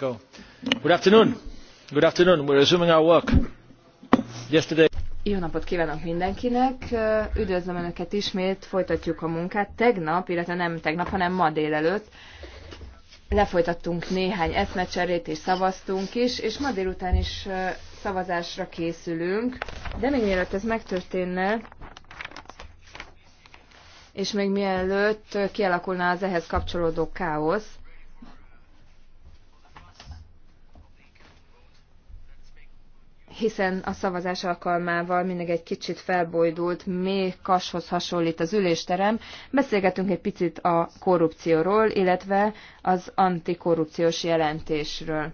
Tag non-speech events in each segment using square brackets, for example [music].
Jó napot kívánok mindenkinek! Üdvözlöm Önöket ismét, folytatjuk a munkát. Tegnap, illetve nem tegnap, hanem ma délelőtt lefolytattunk néhány eszmecserét és szavaztunk is, és ma délután is szavazásra készülünk. De még mielőtt ez megtörténne, és még mielőtt kialakulna az ehhez kapcsolódó káosz, hiszen a szavazás alkalmával mindig egy kicsit felbojdult, még kashoz hasonlít az ülésterem. Beszélgetünk egy picit a korrupcióról, illetve az antikorrupciós jelentésről.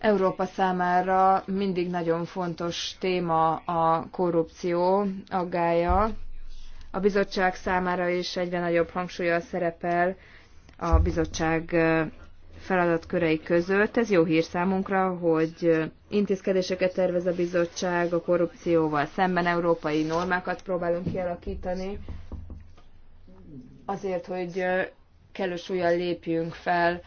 Európa számára mindig nagyon fontos téma a korrupció aggája. A bizottság számára is egyre nagyobb hangsúlyal szerepel a bizottság feladatkörei között. Ez jó hír számunkra, hogy intézkedéseket tervez a bizottság a korrupcióval szemben, európai normákat próbálunk kialakítani, azért, hogy kellő lépjünk fel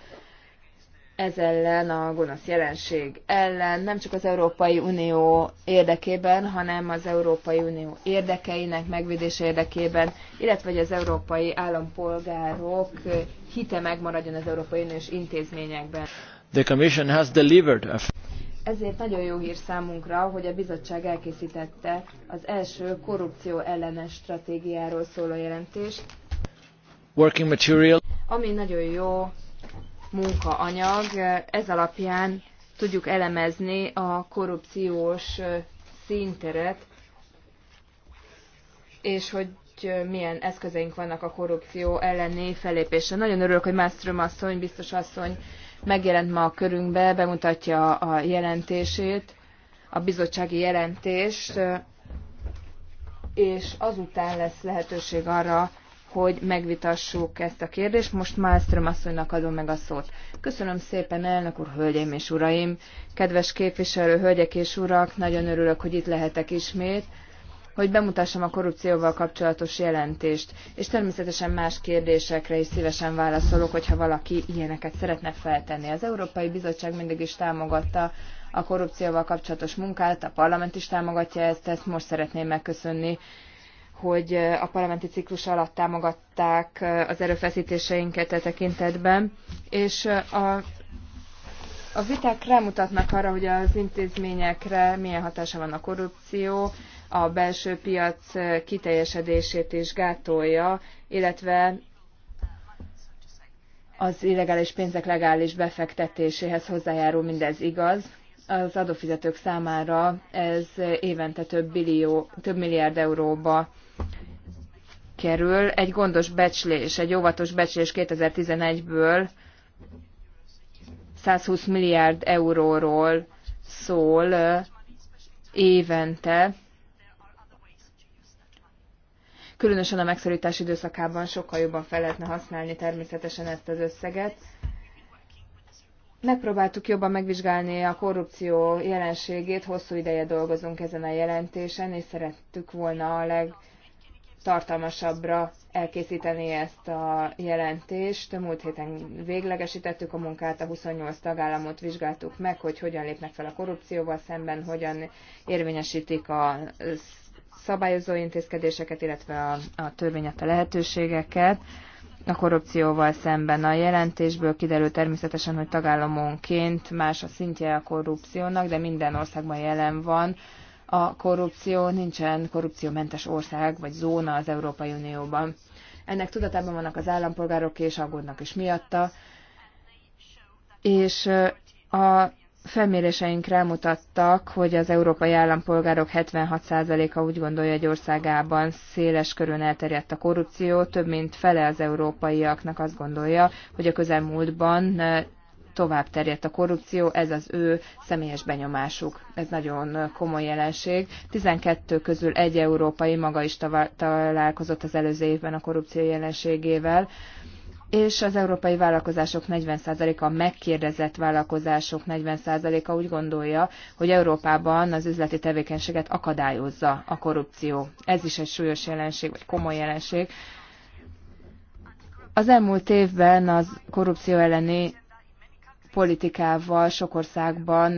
ez ellen, a gonosz jelenség ellen, nem csak az Európai Unió érdekében, hanem az Európai Unió érdekeinek megvédése érdekében, illetve hogy az európai állampolgárok hite megmaradjon az Európai Uniós intézményekben. The Commission has delivered a ezért nagyon jó hír számunkra, hogy a bizottság elkészítette az első korrupció ellenes stratégiáról szóló jelentést, working material. ami nagyon jó munkaanyag. Ez alapján tudjuk elemezni a korrupciós színteret, és hogy milyen eszközeink vannak a korrupció elleni fellépésre. Nagyon örülök, hogy Mászlöm asszony, biztos asszony megjelent ma a körünkbe, bemutatja a jelentését, a bizottsági jelentést, és azután lesz lehetőség arra, hogy megvitassuk ezt a kérdést. Most Málström asszonynak adom meg a szót. Köszönöm szépen, elnök úr, hölgyeim és uraim, kedves képviselő, hölgyek és urak, nagyon örülök, hogy itt lehetek ismét hogy bemutassam a korrupcióval kapcsolatos jelentést, és természetesen más kérdésekre is szívesen válaszolok, hogyha valaki ilyeneket szeretne feltenni. Az Európai Bizottság mindig is támogatta a korrupcióval kapcsolatos munkát, a parlament is támogatja ezt, ezt most szeretném megköszönni hogy a parlamenti ciklus alatt támogatták az erőfeszítéseinket e tekintetben, és a, a viták rámutatnak arra, hogy az intézményekre milyen hatása van a korrupció, a belső piac kiteljesedését is gátolja, illetve az illegális pénzek legális befektetéséhez hozzájárul, mindez igaz. Az adófizetők számára ez évente több, billió, több milliárd euróba kerül. Egy gondos becslés, egy óvatos becslés 2011-ből 120 milliárd euróról szól évente. Különösen a megszorítás időszakában sokkal jobban fel lehetne használni természetesen ezt az összeget. Megpróbáltuk jobban megvizsgálni a korrupció jelenségét, hosszú ideje dolgozunk ezen a jelentésen, és szerettük volna a leg tartalmasabbra elkészíteni ezt a jelentést. Múlt héten véglegesítettük a munkát, a 28 tagállamot vizsgáltuk meg, hogy hogyan lépnek fel a korrupcióval szemben, hogyan érvényesítik a szabályozó intézkedéseket, illetve a, a törvényet, a lehetőségeket a korrupcióval szemben. A jelentésből kiderül természetesen, hogy tagállamonként más a szintje a korrupciónak, de minden országban jelen van a korrupció, nincsen korrupciómentes ország vagy zóna az Európai Unióban. Ennek tudatában vannak az állampolgárok, és aggódnak is miatta, és a felméréseink rámutattak, hogy az európai állampolgárok 76%-a úgy gondolja, hogy országában széles körön elterjedt a korrupció, több mint fele az európaiaknak azt gondolja, hogy a közelmúltban tovább terjedt a korrupció, ez az ő személyes benyomásuk. Ez nagyon komoly jelenség. 12 közül egy európai maga is találkozott az előző évben a korrupció jelenségével és az európai vállalkozások 40%-a, megkérdezett vállalkozások 40%-a úgy gondolja, hogy Európában az üzleti tevékenységet akadályozza a korrupció. Ez is egy súlyos jelenség, vagy komoly jelenség. Az elmúlt évben az korrupció elleni politikával sok országban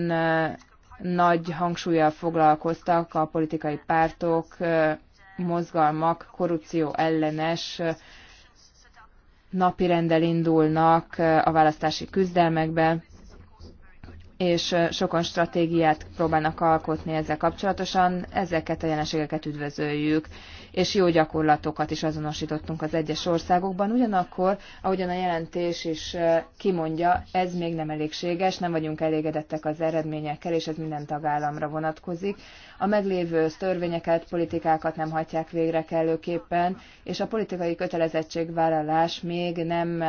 nagy hangsúlyjal foglalkoztak a politikai pártok, mozgalmak, korrupció ellenes napirendel indulnak a választási küzdelmekbe és sokan stratégiát próbálnak alkotni ezzel kapcsolatosan, ezeket a jelenségeket üdvözöljük, és jó gyakorlatokat is azonosítottunk az egyes országokban. Ugyanakkor, ahogyan a jelentés is kimondja, ez még nem elégséges, nem vagyunk elégedettek az eredményekkel, és ez minden tagállamra vonatkozik. A meglévő törvényeket, politikákat nem hagyják végre kellőképpen, és a politikai kötelezettségvállalás még nem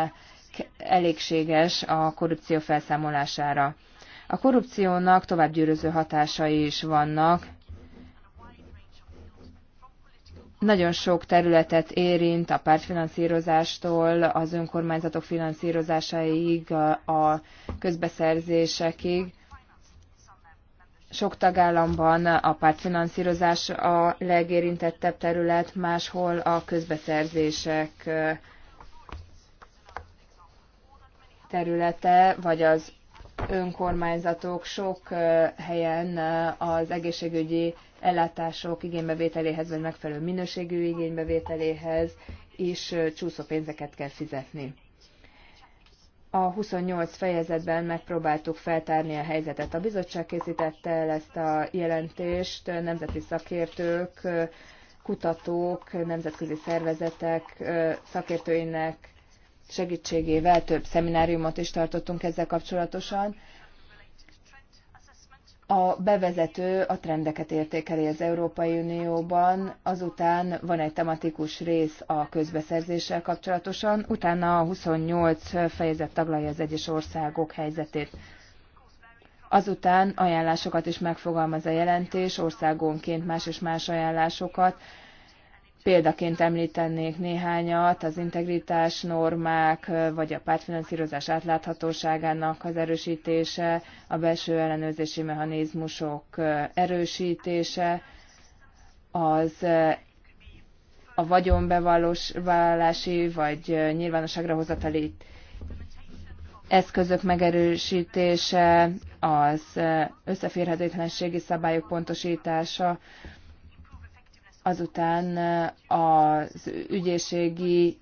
elégséges a korrupció felszámolására a korrupciónak tovább gyűröző hatásai is vannak. Nagyon sok területet érint a pártfinanszírozástól, az önkormányzatok finanszírozásaig, a közbeszerzésekig sok tagállamban a pártfinanszírozás a legérintettebb terület, máshol a közbeszerzések területe, vagy az önkormányzatok sok helyen az egészségügyi ellátások igénybevételéhez, vagy megfelelő minőségű igénybevételéhez is csúszó pénzeket kell fizetni. A 28 fejezetben megpróbáltuk feltárni a helyzetet. A bizottság készítette el ezt a jelentést, nemzeti szakértők, kutatók, nemzetközi szervezetek szakértőinek segítségével több szemináriumot is tartottunk ezzel kapcsolatosan. A bevezető a trendeket értékeli az Európai Unióban, azután van egy tematikus rész a közbeszerzéssel kapcsolatosan, utána a 28 fejezet taglalja az egyes országok helyzetét. Azután ajánlásokat is megfogalmaz a jelentés, országonként más és más ajánlásokat Példaként említenék néhányat, az integritás normák, vagy a pártfinanszírozás átláthatóságának az erősítése, a belső ellenőrzési mechanizmusok erősítése, az a vagyonbevallási vagy nyilvánosságra hozatali eszközök megerősítése, az összeférhetetlenségi szabályok pontosítása, azután az ügyészségi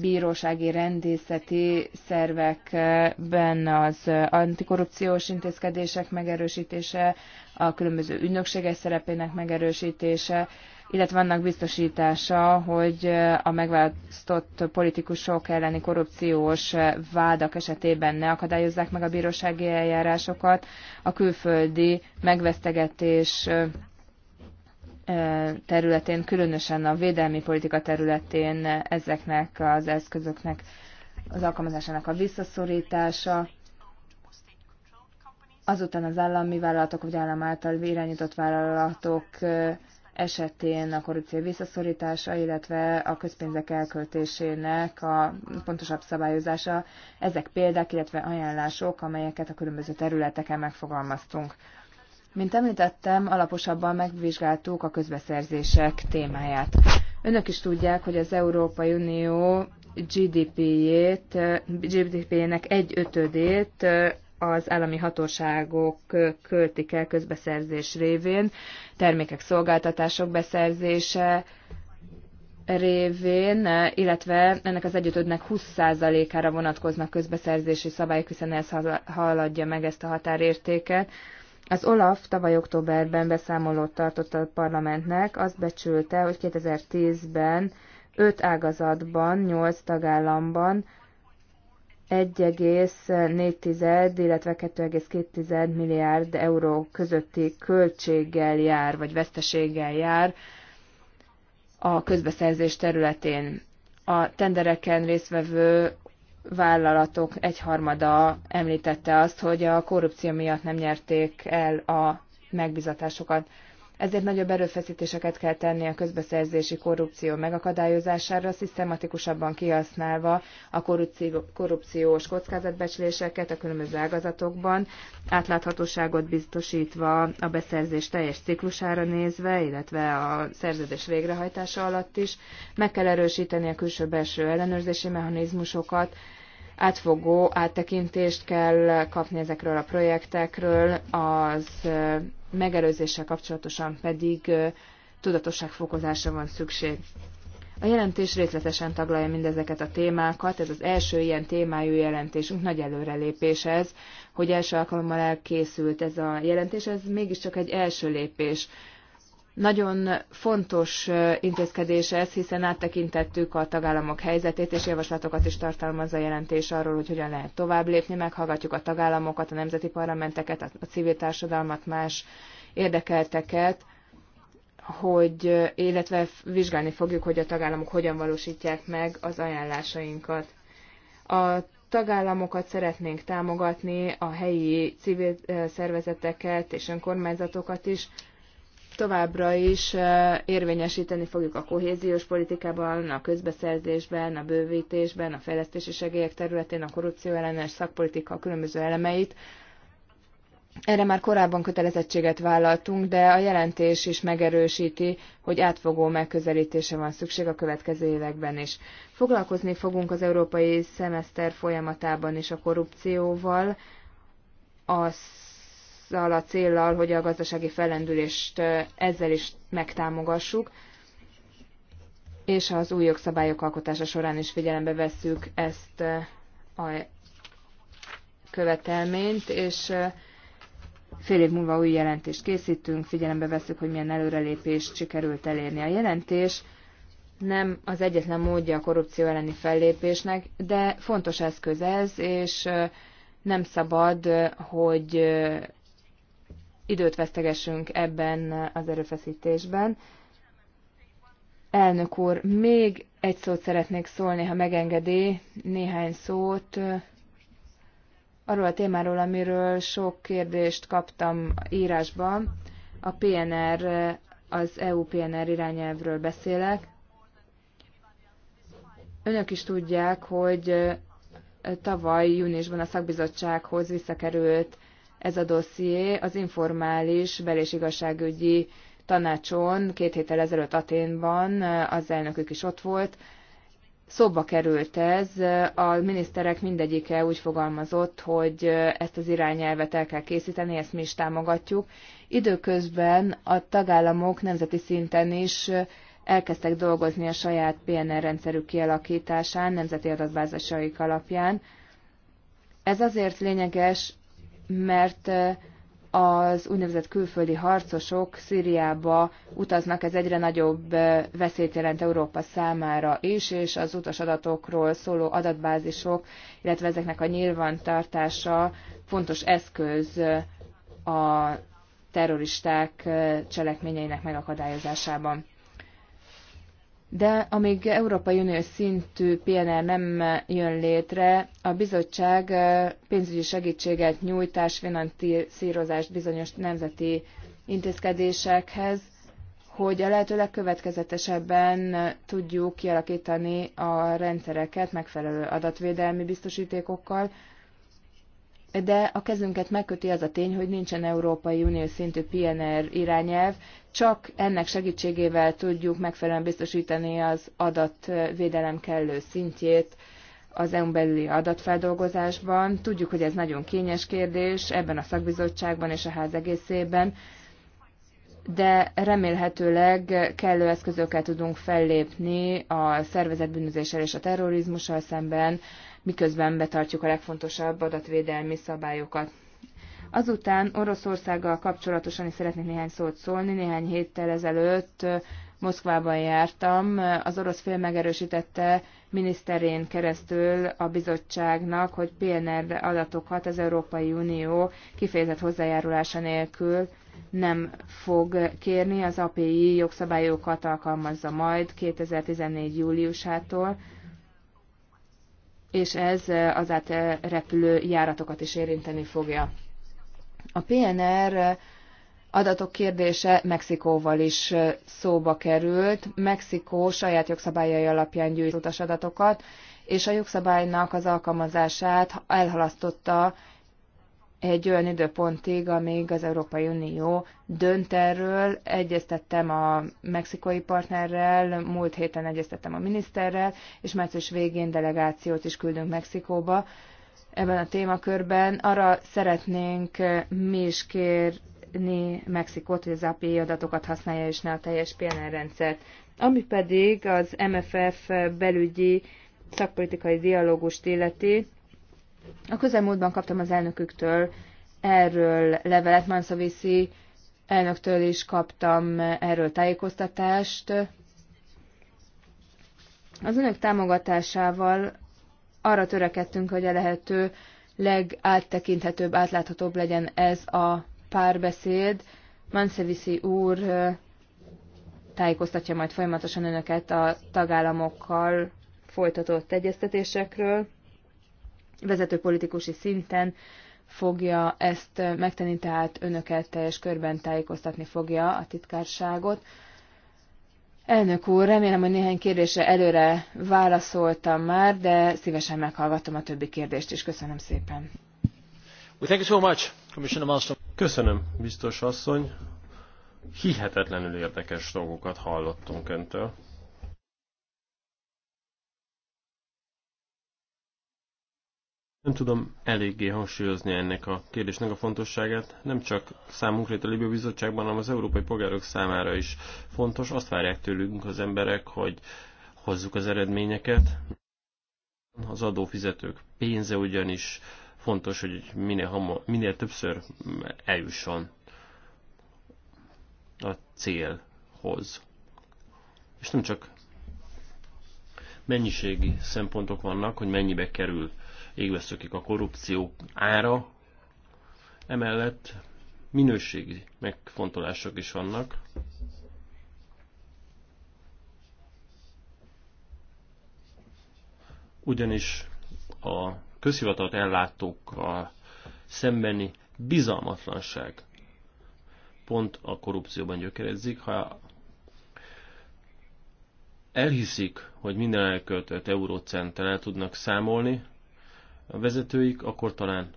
bírósági rendészeti szervekben az antikorrupciós intézkedések megerősítése, a különböző ügynökségek szerepének megerősítése, illetve annak biztosítása, hogy a megválasztott politikusok elleni korrupciós vádak esetében ne akadályozzák meg a bírósági eljárásokat, a külföldi megvesztegetés területén, különösen a védelmi politika területén ezeknek az eszközöknek az alkalmazásának a visszaszorítása, azután az állami vállalatok vagy állam által irányított vállalatok esetén a korrupció visszaszorítása, illetve a közpénzek elköltésének a pontosabb szabályozása. Ezek példák, illetve ajánlások, amelyeket a különböző területeken megfogalmaztunk. Mint említettem, alaposabban megvizsgáltuk a közbeszerzések témáját. Önök is tudják, hogy az Európai Unió GDP-jét, GDP-nek egy ötödét az állami hatóságok költik el közbeszerzés révén, termékek szolgáltatások beszerzése révén, illetve ennek az egyötödnek 20%-ára vonatkoznak közbeszerzési szabályok, hiszen ez haladja meg ezt a határértéket. Az Olaf tavaly októberben beszámolót tartott a parlamentnek, azt becsülte, hogy 2010-ben 5 ágazatban, 8 tagállamban 1,4, illetve 2,2 milliárd euró közötti költséggel jár, vagy veszteséggel jár a közbeszerzés területén. A tendereken résztvevő vállalatok egyharmada említette azt, hogy a korrupció miatt nem nyerték el a megbizatásokat ezért nagyobb erőfeszítéseket kell tenni a közbeszerzési korrupció megakadályozására, szisztematikusabban kihasználva a korrupciós kockázatbecsléseket a különböző ágazatokban, átláthatóságot biztosítva a beszerzés teljes ciklusára nézve, illetve a szerződés végrehajtása alatt is. Meg kell erősíteni a külső-belső ellenőrzési mechanizmusokat, átfogó áttekintést kell kapni ezekről a projektekről, az megelőzéssel kapcsolatosan pedig tudatosságfokozásra van szükség. A jelentés részletesen taglalja mindezeket a témákat, ez az első ilyen témájú jelentésünk, nagy előrelépés ez, hogy első alkalommal elkészült ez a jelentés, ez mégiscsak egy első lépés nagyon fontos intézkedés ez, hiszen áttekintettük a tagállamok helyzetét, és javaslatokat is tartalmaz a jelentés arról, hogy hogyan lehet tovább lépni. Meghallgatjuk a tagállamokat, a nemzeti parlamenteket, a civil társadalmat, más érdekelteket, hogy, illetve vizsgálni fogjuk, hogy a tagállamok hogyan valósítják meg az ajánlásainkat. A tagállamokat szeretnénk támogatni, a helyi civil szervezeteket és önkormányzatokat is, továbbra is eh, érvényesíteni fogjuk a kohéziós politikában, a közbeszerzésben, a bővítésben, a fejlesztési segélyek területén, a korrupció ellenes szakpolitika különböző elemeit. Erre már korábban kötelezettséget vállaltunk, de a jelentés is megerősíti, hogy átfogó megközelítése van szükség a következő években is. Foglalkozni fogunk az európai szemeszter folyamatában is a korrupcióval, az azzal a céllal, hogy a gazdasági fellendülést ezzel is megtámogassuk, és az új jogszabályok alkotása során is figyelembe vesszük ezt a követelményt, és fél év múlva új jelentést készítünk, figyelembe veszük, hogy milyen előrelépést sikerült elérni a jelentés. Nem az egyetlen módja a korrupció elleni fellépésnek, de fontos eszköz ez, és nem szabad, hogy időt vesztegessünk ebben az erőfeszítésben. Elnök úr, még egy szót szeretnék szólni, ha megengedi, néhány szót arról a témáról, amiről sok kérdést kaptam írásban. A PNR, az EU PNR irányelvről beszélek. Önök is tudják, hogy tavaly júniusban a szakbizottsághoz visszakerült ez a dosszié az informális bel- és igazságügyi tanácson két héttel ezelőtt Aténban, az elnökük is ott volt, szóba került ez, a miniszterek mindegyike úgy fogalmazott, hogy ezt az irányelvet el kell készíteni, ezt mi is támogatjuk. Időközben a tagállamok nemzeti szinten is elkezdtek dolgozni a saját PNR rendszerük kialakításán, nemzeti adatbázisaik alapján. Ez azért lényeges, mert az úgynevezett külföldi harcosok Szíriába utaznak, ez egyre nagyobb veszélyt jelent Európa számára is, és az utas adatokról szóló adatbázisok, illetve ezeknek a nyilvántartása fontos eszköz a terroristák cselekményeinek megakadályozásában de amíg Európai Unió szintű PNR nem jön létre, a bizottság pénzügyi segítséget nyújtás, finanszírozást bizonyos nemzeti intézkedésekhez, hogy a lehető legkövetkezetesebben tudjuk kialakítani a rendszereket megfelelő adatvédelmi biztosítékokkal, de a kezünket megköti az a tény, hogy nincsen Európai Unió szintű PNR irányelv, csak ennek segítségével tudjuk megfelelően biztosítani az adatvédelem kellő szintjét az EU-n belüli adatfeldolgozásban. Tudjuk, hogy ez nagyon kényes kérdés ebben a szakbizottságban és a ház egészében, de remélhetőleg kellő eszközökkel tudunk fellépni a szervezetbűnözéssel és a terrorizmussal szemben, miközben betartjuk a legfontosabb adatvédelmi szabályokat. Azután Oroszországgal kapcsolatosan is szeretnék néhány szót szólni. Néhány héttel ezelőtt Moszkvában jártam. Az orosz fél megerősítette miniszterén keresztül a bizottságnak, hogy PNR adatokat az Európai Unió kifejezett hozzájárulása nélkül nem fog kérni, az API jogszabályokat alkalmazza majd 2014. júliusától és ez az átrepülő járatokat is érinteni fogja. A PNR adatok kérdése Mexikóval is szóba került. Mexikó saját jogszabályai alapján gyűjt utas adatokat, és a jogszabálynak az alkalmazását elhalasztotta egy olyan időpontig, amíg az Európai Unió dönt erről. Egyeztettem a mexikai partnerrel, múlt héten egyeztettem a miniszterrel, és március végén delegációt is küldünk Mexikóba. Ebben a témakörben arra szeretnénk mi is kérni Mexikót, hogy az API adatokat használja, és ne a teljes PNR rendszert. Ami pedig az MFF belügyi szakpolitikai dialógust illeti, a közelmúltban kaptam az elnöküktől erről levelet, Manszaviszi elnöktől is kaptam erről tájékoztatást. Az önök támogatásával arra törekedtünk, hogy a lehető legáttekinthetőbb, átláthatóbb legyen ez a párbeszéd. Manszeviszi úr tájékoztatja majd folyamatosan önöket a tagállamokkal folytatott egyeztetésekről politikusi szinten fogja ezt megtenni, tehát önöket teljes körben tájékoztatni fogja a titkárságot. Elnök úr, remélem, hogy néhány kérdésre előre válaszoltam már, de szívesen meghallgatom a többi kérdést is. Köszönöm szépen. Köszönöm, biztos asszony. Hihetetlenül érdekes dolgokat hallottunk öntől. Nem tudom eléggé hangsúlyozni ennek a kérdésnek a fontosságát, nem csak számunkra itt a Libia Bizottságban, hanem az európai polgárok számára is fontos. Azt várják tőlünk az emberek, hogy hozzuk az eredményeket. Az adófizetők pénze ugyanis fontos, hogy minél, hamar, minél többször eljusson a célhoz. És nem csak mennyiségi szempontok vannak, hogy mennyibe kerül égveszökik a korrupció ára. Emellett minőségi megfontolások is vannak. Ugyanis a közhivatalt ellátókkal szembeni bizalmatlanság pont a korrupcióban gyökerezik, ha elhiszik, hogy minden elköltött eurócenttel el tudnak számolni, a vezetőik, akkor talán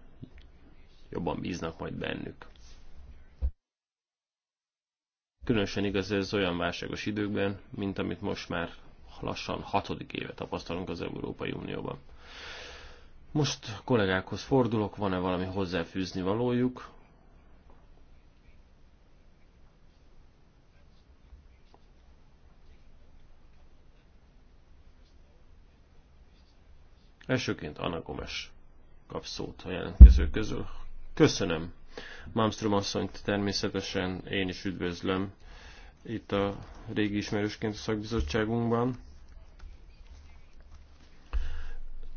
jobban bíznak majd bennük. Különösen igaz ez olyan válságos időkben, mint amit most már lassan hatodik éve tapasztalunk az Európai Unióban. Most kollégákhoz fordulok, van-e valami hozzáfűzni valójuk, Elsőként Anna Gomes kap szót a jelentkezők közül. Köszönöm. Mámström asszonyt természetesen én is üdvözlöm itt a régi ismerősként a szakbizottságunkban.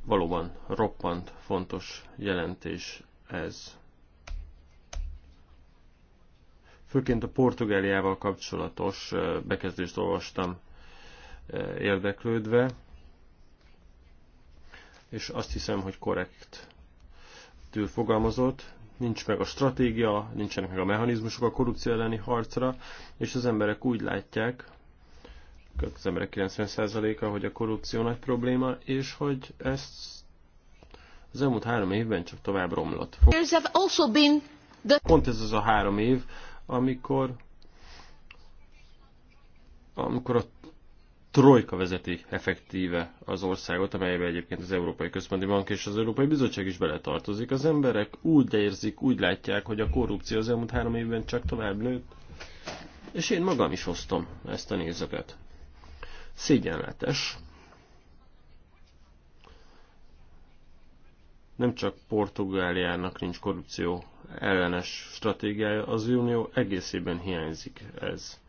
Valóban roppant fontos jelentés ez. Főként a Portugáliával kapcsolatos bekezdést olvastam érdeklődve és azt hiszem, hogy korrekt től fogalmazott, nincs meg a stratégia, nincsenek meg a mechanizmusok a korrupció elleni harcra, és az emberek úgy látják, az emberek 90%-a, hogy a korrupció nagy probléma, és hogy ezt az elmúlt három évben csak tovább romlott. Pont ez az a három év, amikor amikor a trojka vezeti effektíve az országot, amelybe egyébként az Európai Központi Bank és az Európai Bizottság is beletartozik. Az emberek úgy érzik, úgy látják, hogy a korrupció az elmúlt három évben csak tovább nőtt, és én magam is osztom ezt a nézetet. Szégyenletes. Nem csak Portugáliának nincs korrupció ellenes stratégiája, az Unió egészében hiányzik ez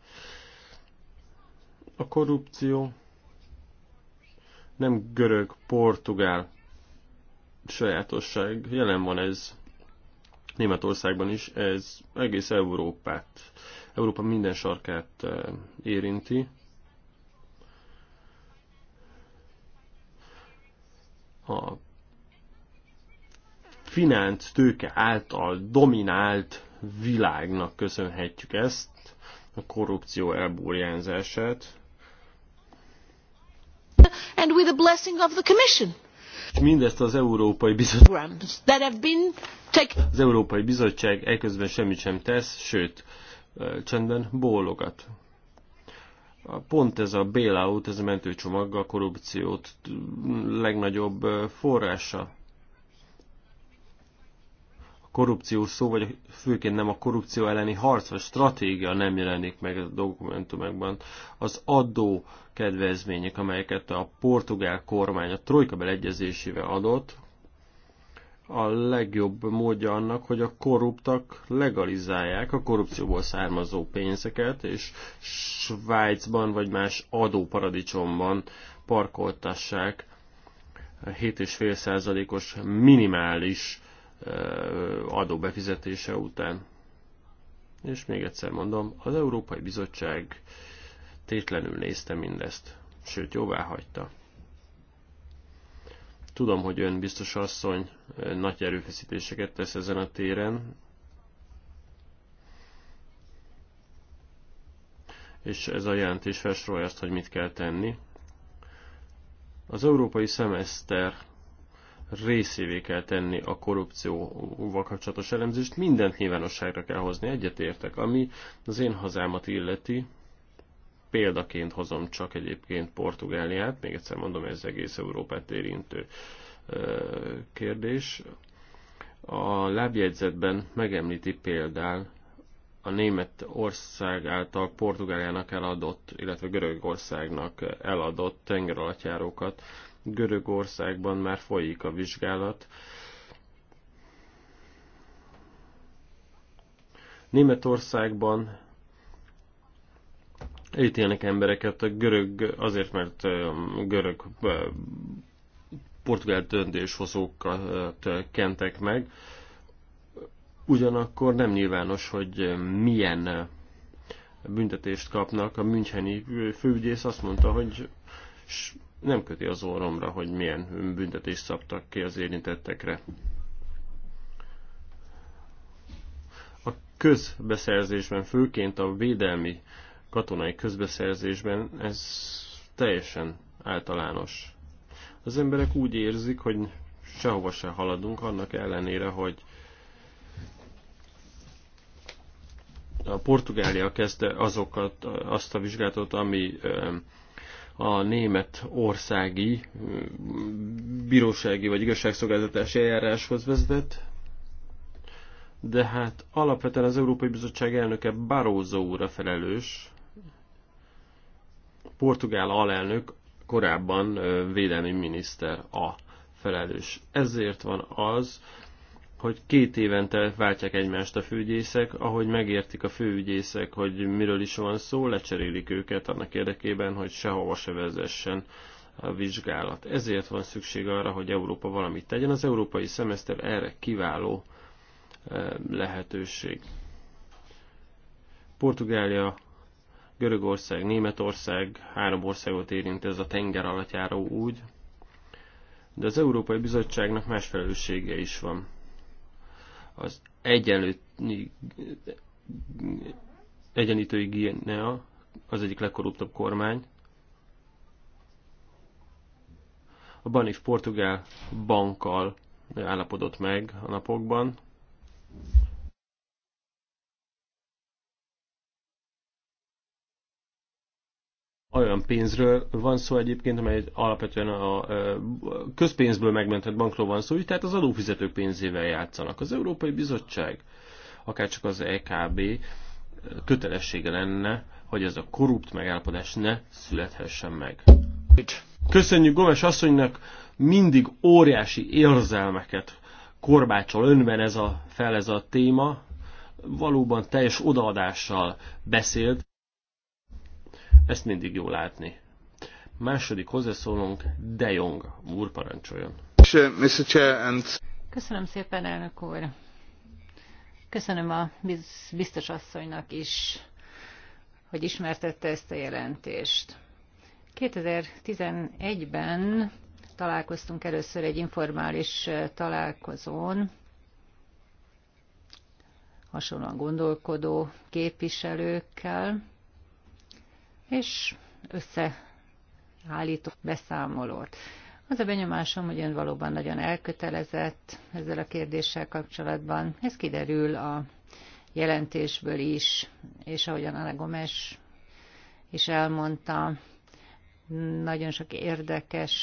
a korrupció nem görög, portugál sajátosság, jelen van ez Németországban is, ez egész Európát, Európa minden sarkát eh, érinti. A finánc tőke által dominált világnak köszönhetjük ezt, a korrupció elbúrjánzását, and with the blessing of the Commission. Mindezt az Európai Bizottság. Az Európai Bizottság eközben semmit sem tesz, sőt, csendben bólogat. Pont ez a bailout, ez a mentőcsomag a korrupciót mm, legnagyobb forrása korrupció szó, vagy főként nem a korrupció elleni harc, vagy stratégia nem jelenik meg a dokumentumokban. Az adó kedvezmények, amelyeket a portugál kormány a trojka beleegyezésével adott, a legjobb módja annak, hogy a korruptak legalizálják a korrupcióból származó pénzeket, és Svájcban vagy más adóparadicsomban parkoltassák 7,5%-os minimális adó befizetése után. És még egyszer mondom, az Európai Bizottság tétlenül nézte mindezt, sőt jóvá hagyta. Tudom, hogy ön biztos asszony nagy erőfeszítéseket tesz ezen a téren, és ez a jelentés felsorolja azt, hogy mit kell tenni. Az európai szemeszter részévé kell tenni a korrupcióval kapcsolatos elemzést, mindent nyilvánosságra kell hozni, egyetértek. Ami az én hazámat illeti, példaként hozom csak egyébként Portugáliát, még egyszer mondom, ez egész Európát érintő kérdés. A lábjegyzetben megemlíti például a német ország által Portugáliának eladott, illetve Görögországnak eladott tengeralattjárókat, Görögországban már folyik a vizsgálat. Németországban ítélnek embereket a görög, azért mert görög portugál döntéshozókat kentek meg. Ugyanakkor nem nyilvános, hogy milyen büntetést kapnak. A Müncheni főügyész azt mondta, hogy nem köti az orromra, hogy milyen büntetést szabtak ki az érintettekre. A közbeszerzésben, főként a védelmi katonai közbeszerzésben ez teljesen általános. Az emberek úgy érzik, hogy sehova se haladunk, annak ellenére, hogy a Portugália kezdte azokat, azt a vizsgálatot, ami a német országi bírósági vagy igazságszolgáltatási eljáráshoz vezetett, de hát alapvetően az Európai Bizottság elnöke Barózó úra felelős, portugál alelnök, korábban védelmi miniszter a felelős. Ezért van az, hogy két évente váltják egymást a főügyészek, ahogy megértik a főügyészek, hogy miről is van szó, lecserélik őket annak érdekében, hogy sehova se vezessen a vizsgálat. Ezért van szükség arra, hogy Európa valamit tegyen. Az európai szemeszter erre kiváló eh, lehetőség. Portugália, Görögország, Németország, három országot érint ez a tenger alatt járó úgy, de az Európai Bizottságnak más felelőssége is van az egyenlítői Guinea az egyik legkorruptabb kormány. A BAN is Portugál bankkal állapodott meg a napokban. olyan pénzről van szó egyébként, amely alapvetően a közpénzből megmentett bankról van szó, így tehát az adófizetők pénzével játszanak. Az Európai Bizottság, akárcsak az EKB kötelessége lenne, hogy ez a korrupt megállapodás ne születhessen meg. Köszönjük Gomes asszonynak, mindig óriási érzelmeket korbácsol önben ez a, fel ez a téma, valóban teljes odaadással beszélt. Ezt mindig jó látni. Második hozzászólónk De Jong úr parancsoljon. Köszönöm szépen, elnök úr. Köszönöm a biztos asszonynak is, hogy ismertette ezt a jelentést. 2011-ben találkoztunk először egy informális találkozón, hasonlóan gondolkodó képviselőkkel, és összeállított beszámolót. Az a benyomásom, hogy ön valóban nagyon elkötelezett ezzel a kérdéssel kapcsolatban. Ez kiderül a jelentésből is, és ahogyan Ana Gomes is elmondta, nagyon sok érdekes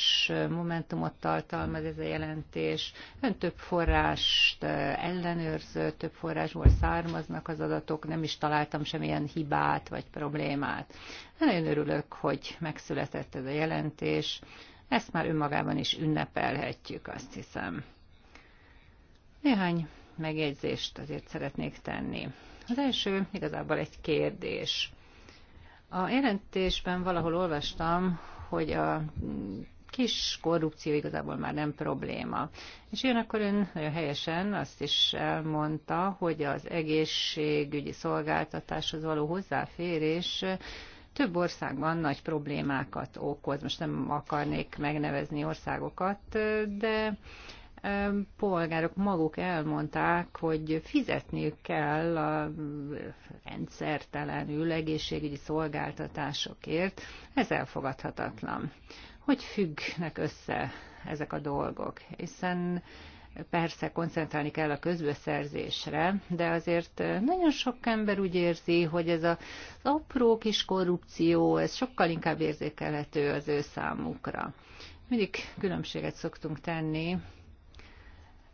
momentumot tartalmaz ez a jelentés. Ön több forrást ellenőrző, több forrásból származnak az adatok, nem is találtam semmilyen hibát vagy problémát. Nagyon örülök, hogy megszületett ez a jelentés. Ezt már önmagában is ünnepelhetjük, azt hiszem. Néhány megjegyzést azért szeretnék tenni. Az első igazából egy kérdés. A jelentésben valahol olvastam, hogy a kis korrupció igazából már nem probléma. És ilyen akkor ön nagyon helyesen azt is elmondta, hogy az egészségügyi szolgáltatáshoz való hozzáférés több országban nagy problémákat okoz. Most nem akarnék megnevezni országokat, de polgárok maguk elmondták, hogy fizetniük kell a rendszertelenül egészségügyi szolgáltatásokért. Ez elfogadhatatlan. Hogy függnek össze ezek a dolgok? Hiszen persze koncentrálni kell a közbeszerzésre, de azért nagyon sok ember úgy érzi, hogy ez az apró kis korrupció, ez sokkal inkább érzékelhető az ő számukra. Mindig különbséget szoktunk tenni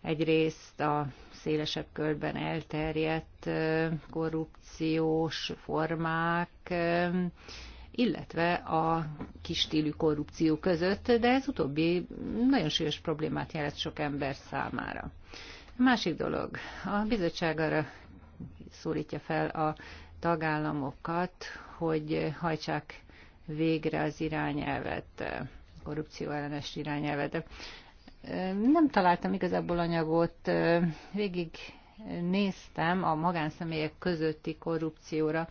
Egyrészt a szélesebb körben elterjedt korrupciós formák, illetve a kistílű korrupció között, de ez utóbbi nagyon súlyos problémát jelent sok ember számára. A másik dolog, a bizottság arra szólítja fel a tagállamokat, hogy hajtsák végre az irányelvet, korrupció ellenes irányelvet. De nem találtam igazából anyagot, végig néztem a magánszemélyek közötti korrupcióra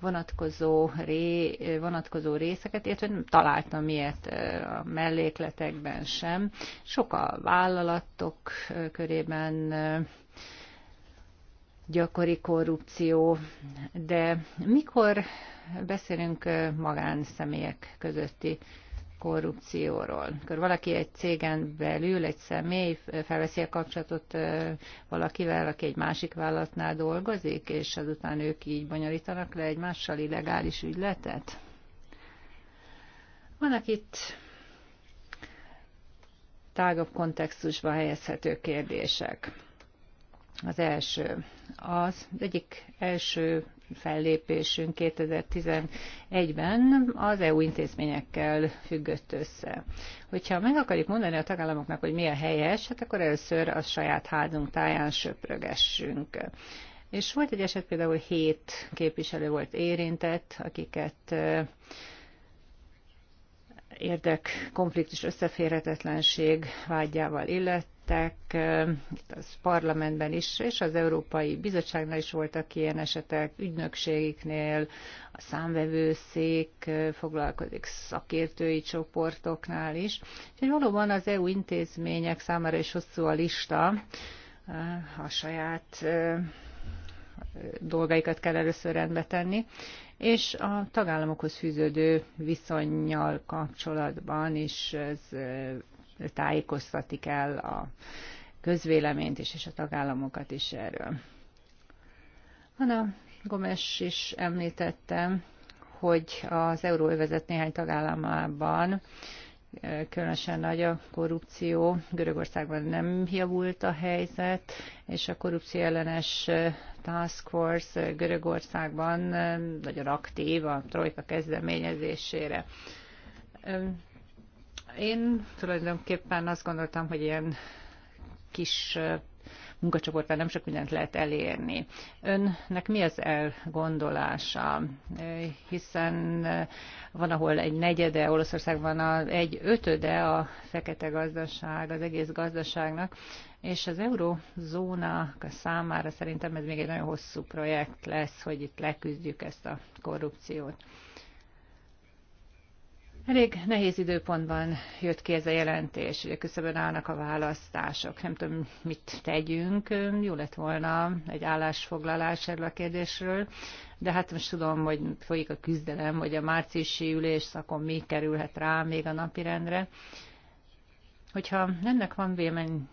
vonatkozó, ré, vonatkozó részeket, illetve nem találtam ilyet a mellékletekben sem. Sok a vállalatok körében gyakori korrupció, de mikor beszélünk magánszemélyek közötti korrupcióról. Amikor valaki egy cégen belül, egy személy felveszi a kapcsolatot valakivel, aki egy másik vállalatnál dolgozik, és azután ők így bonyolítanak le egymással illegális ügyletet? Vannak itt tágabb kontextusba helyezhető kérdések. Az első, az egyik első fellépésünk 2011-ben az EU intézményekkel függött össze. Hogyha meg akarjuk mondani a tagállamoknak, hogy mi a helyes, hát akkor először a saját házunk táján söprögessünk. És volt egy eset, például hét képviselő volt érintett, akiket érdek, konfliktus, összeférhetetlenség vágyával illet, esettek, az parlamentben is, és az Európai Bizottságnál is voltak ilyen esetek, ügynökségiknél, a számvevőszék foglalkozik szakértői csoportoknál is. Úgyhogy valóban az EU intézmények számára is hosszú a lista, a saját dolgaikat kell először rendbe tenni, és a tagállamokhoz fűződő viszonyjal kapcsolatban is ez tájékoztatik el a közvéleményt is, és a tagállamokat is erről. Anna Gomes is említette, hogy az euróövezet néhány tagállamában e, különösen nagy a korrupció. Görögországban nem javult a helyzet, és a korrupció ellenes e, Task Force Görögországban e, nagyon aktív a trojka kezdeményezésére. Én tulajdonképpen azt gondoltam, hogy ilyen kis munkacsoportban nem sok mindent lehet elérni. Önnek mi az elgondolása? Hiszen van, ahol egy negyede, Olaszországban a, egy ötöde a fekete gazdaság, az egész gazdaságnak, és az eurozóna számára szerintem ez még egy nagyon hosszú projekt lesz, hogy itt leküzdjük ezt a korrupciót. Elég nehéz időpontban jött ki ez a jelentés, hogy küszöbön állnak a választások, nem tudom, mit tegyünk, jó lett volna egy állásfoglalás erről a kérdésről, de hát most tudom, hogy folyik a küzdelem, hogy a márciusi ülés szakon mi kerülhet rá még a napirendre. Hogyha ennek van vélemény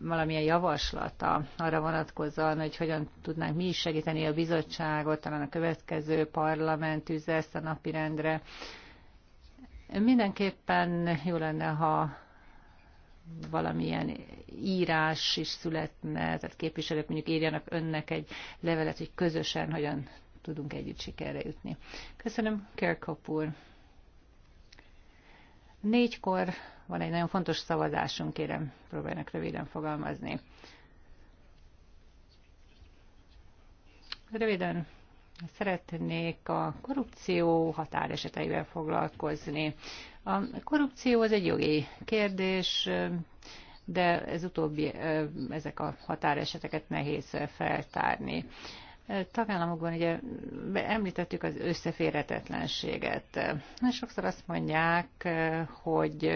valamilyen javaslata arra vonatkozóan, hogy hogyan tudnánk mi is segíteni a bizottságot, talán a következő parlament üzze ezt a napirendre, rendre, Mindenképpen jó lenne, ha valamilyen írás is születne, tehát képviselők mondjuk írjanak önnek egy levelet, hogy közösen hogyan tudunk együtt sikerre jutni. Köszönöm, Kirkhope úr. Négykor van egy nagyon fontos szavazásunk, kérem, próbáljanak röviden fogalmazni. Röviden Szeretnék a korrupció határeseteivel foglalkozni. A korrupció az egy jogi kérdés, de ez utóbbi, ezek a határeseteket nehéz feltárni. Tagállamokban ugye említettük az összeférhetetlenséget. Sokszor azt mondják, hogy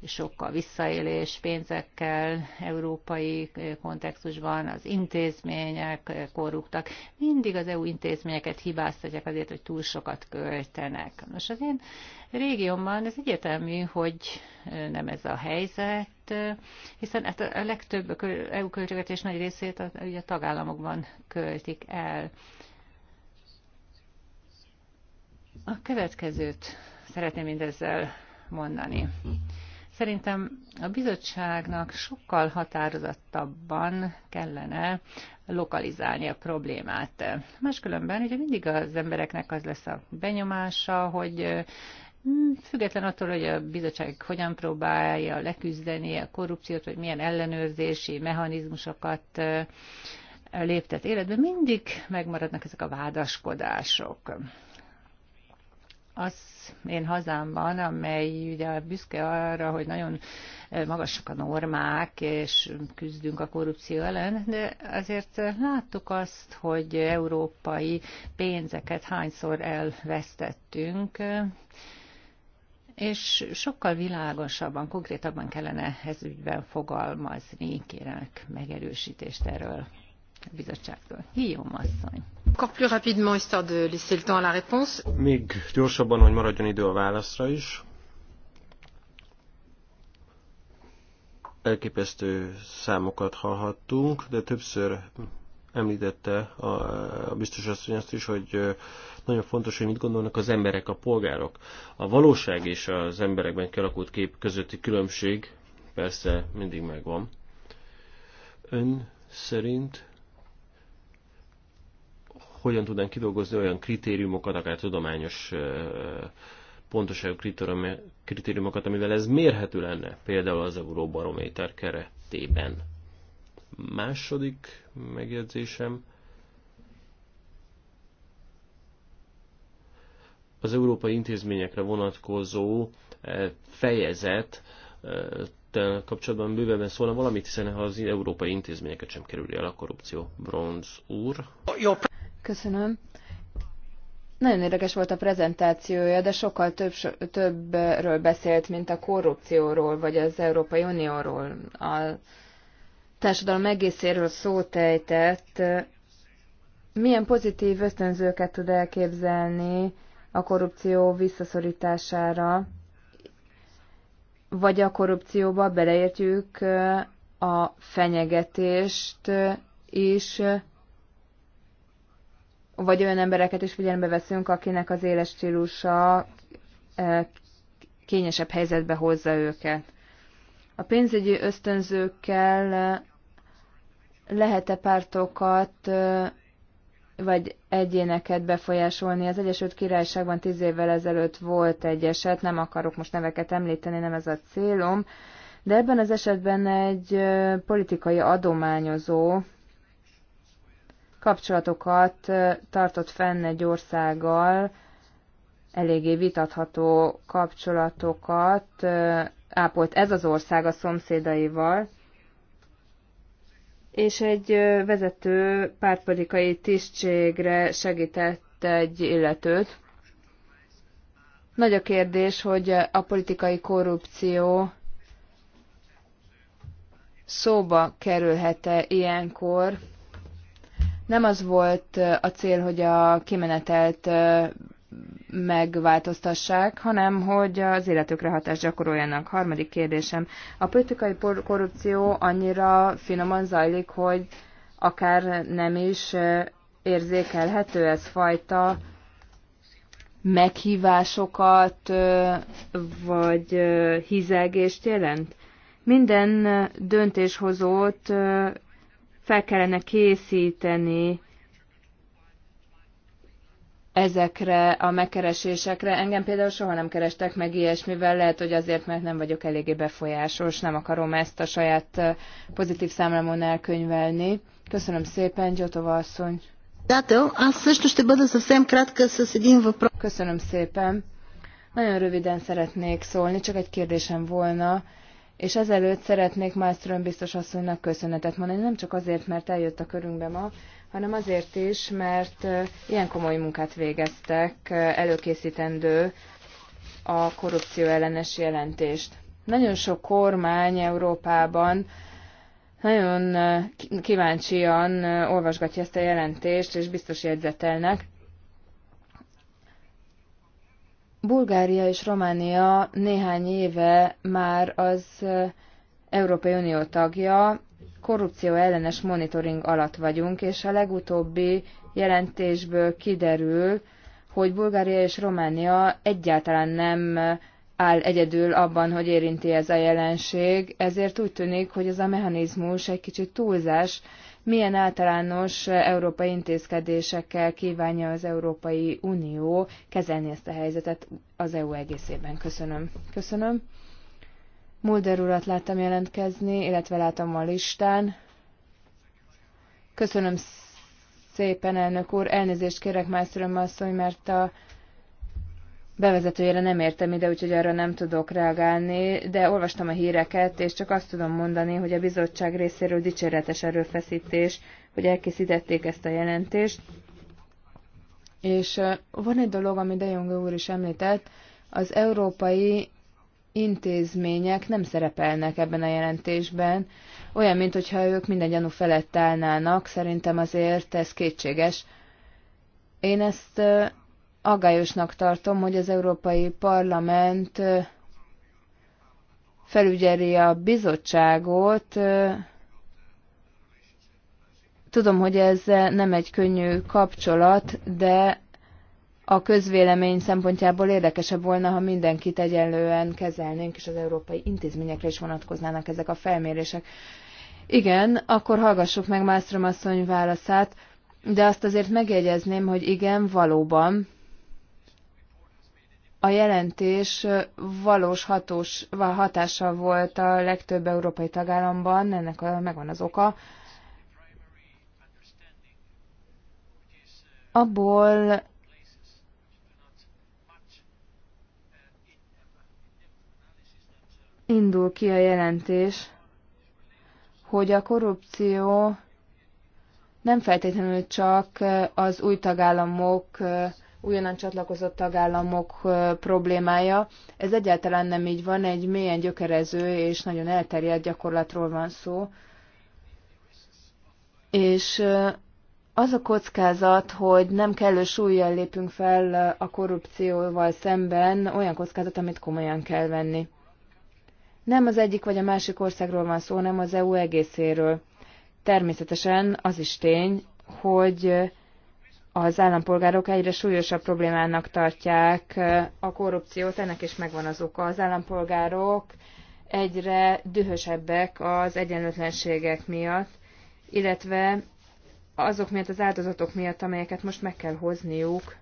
és sokkal visszaélés pénzekkel európai kontextusban, az intézmények korruptak. Mindig az EU intézményeket hibáztatják azért, hogy túl sokat költenek. Most az én régiómban ez egyetemű, hogy nem ez a helyzet, hiszen hát a legtöbb EU költségvetés nagy részét a, ugye a tagállamokban költik el. A következőt szeretném mindezzel mondani. Szerintem a bizottságnak sokkal határozottabban kellene lokalizálni a problémát. Máskülönben ugye mindig az embereknek az lesz a benyomása, hogy Független attól, hogy a bizottság hogyan próbálja leküzdeni a korrupciót, vagy milyen ellenőrzési mechanizmusokat léptet életbe, mindig megmaradnak ezek a vádaskodások az én hazámban, amely ugye büszke arra, hogy nagyon eh, magasak a normák, és küzdünk a korrupció ellen, de azért láttuk azt, hogy európai pénzeket hányszor elvesztettünk, eh, és sokkal világosabban, konkrétabban kellene ez ügyben fogalmazni, kérek megerősítést erről bizottságtól. Híjom asszony. Még gyorsabban, hogy maradjon idő a válaszra is. Elképesztő számokat hallhattunk, de többször említette a, a biztos asszony azt is, hogy nagyon fontos, hogy mit gondolnak az emberek, a polgárok. A valóság és az emberekben kialakult kép közötti különbség persze mindig megvan. Ön szerint hogyan tudnánk kidolgozni olyan kritériumokat, akár tudományos pontosabb kritériumokat, amivel ez mérhető lenne, például az Euróbarométer keretében. Második megjegyzésem, az európai intézményekre vonatkozó fejezet kapcsolatban bővebben szólna valamit, hiszen ha az európai intézményeket sem kerüli el a korrupció. Bronz úr. Köszönöm. Nagyon érdekes volt a prezentációja, de sokkal több, többről beszélt, mint a korrupcióról, vagy az Európai Unióról. A társadalom egészéről szót ejtett. Milyen pozitív ösztönzőket tud elképzelni a korrupció visszaszorítására, vagy a korrupcióba beleértjük a fenyegetést is, vagy olyan embereket is figyelembe veszünk, akinek az éles stílusa eh, kényesebb helyzetbe hozza őket. A pénzügyi ösztönzőkkel eh, lehet-e pártokat eh, vagy egyéneket befolyásolni. Az Egyesült Királyságban tíz évvel ezelőtt volt egy eset, nem akarok most neveket említeni, nem ez a célom, de ebben az esetben egy politikai adományozó kapcsolatokat tartott fenn egy országgal, eléggé vitatható kapcsolatokat ápolt ez az ország a szomszédaival, és egy vezető pártpolitikai tisztségre segített egy illetőt. Nagy a kérdés, hogy a politikai korrupció szóba kerülhet-e ilyenkor, nem az volt a cél, hogy a kimenetelt megváltoztassák, hanem hogy az életükre hatást gyakoroljanak. Harmadik kérdésem. A politikai korrupció annyira finoman zajlik, hogy akár nem is érzékelhető ez fajta meghívásokat vagy hízelgést jelent? Minden döntéshozót fel kellene készíteni ezekre a megkeresésekre. Engem például soha nem kerestek meg ilyesmivel, lehet, hogy azért, mert nem vagyok eléggé befolyásos, nem akarom ezt a saját pozitív számlámon elkönyvelni. Köszönöm szépen, Gyotova asszony. Köszönöm szépen. Nagyon röviden szeretnék szólni, csak egy kérdésem volna. És ezelőtt szeretnék Malmström biztos asszonynak köszönetet mondani, nem csak azért, mert eljött a körünkbe ma, hanem azért is, mert ilyen komoly munkát végeztek előkészítendő a korrupció ellenes jelentést. Nagyon sok kormány Európában nagyon kíváncsian olvasgatja ezt a jelentést, és biztos jegyzetelnek. Bulgária és Románia néhány éve már az Európai Unió tagja, korrupció ellenes monitoring alatt vagyunk, és a legutóbbi jelentésből kiderül, hogy Bulgária és Románia egyáltalán nem áll egyedül abban, hogy érinti ez a jelenség, ezért úgy tűnik, hogy ez a mechanizmus egy kicsit túlzás, milyen általános európai intézkedésekkel kívánja az Európai Unió kezelni ezt a helyzetet az EU egészében. Köszönöm. Köszönöm. Mulder urat láttam jelentkezni, illetve látom a listán. Köszönöm szépen, elnök úr. Elnézést kérek Mászöröm asszony, mert a bevezetőjére nem értem ide, úgyhogy arra nem tudok reagálni, de olvastam a híreket, és csak azt tudom mondani, hogy a bizottság részéről dicséretes erőfeszítés, hogy elkészítették ezt a jelentést. És van egy dolog, ami De Jong úr is említett, az európai intézmények nem szerepelnek ebben a jelentésben, olyan, mintha ők minden gyanú felett állnának, szerintem azért ez kétséges. Én ezt aggályosnak tartom, hogy az Európai Parlament felügyeli a bizottságot. Tudom, hogy ez nem egy könnyű kapcsolat, de a közvélemény szempontjából érdekesebb volna, ha mindenkit egyenlően kezelnénk, és az európai intézményekre is vonatkoznának ezek a felmérések. Igen, akkor hallgassuk meg Mászrom asszony válaszát, de azt azért megjegyezném, hogy igen, valóban a jelentés valós hatós, hatása volt a legtöbb európai tagállamban, ennek megvan az oka. Abból indul ki a jelentés, hogy a korrupció nem feltétlenül csak az új tagállamok újonnan csatlakozott tagállamok problémája. Ez egyáltalán nem így van, egy mélyen gyökerező és nagyon elterjedt gyakorlatról van szó. És az a kockázat, hogy nem kellő súlyjal lépünk fel a korrupcióval szemben, olyan kockázat, amit komolyan kell venni. Nem az egyik vagy a másik országról van szó, hanem az EU egészéről. Természetesen az is tény, hogy az állampolgárok egyre súlyosabb problémának tartják eh, a korrupciót, ennek is megvan az oka. Az állampolgárok egyre dühösebbek az egyenlőtlenségek miatt, illetve azok miatt az áldozatok miatt, amelyeket most meg kell hozniuk.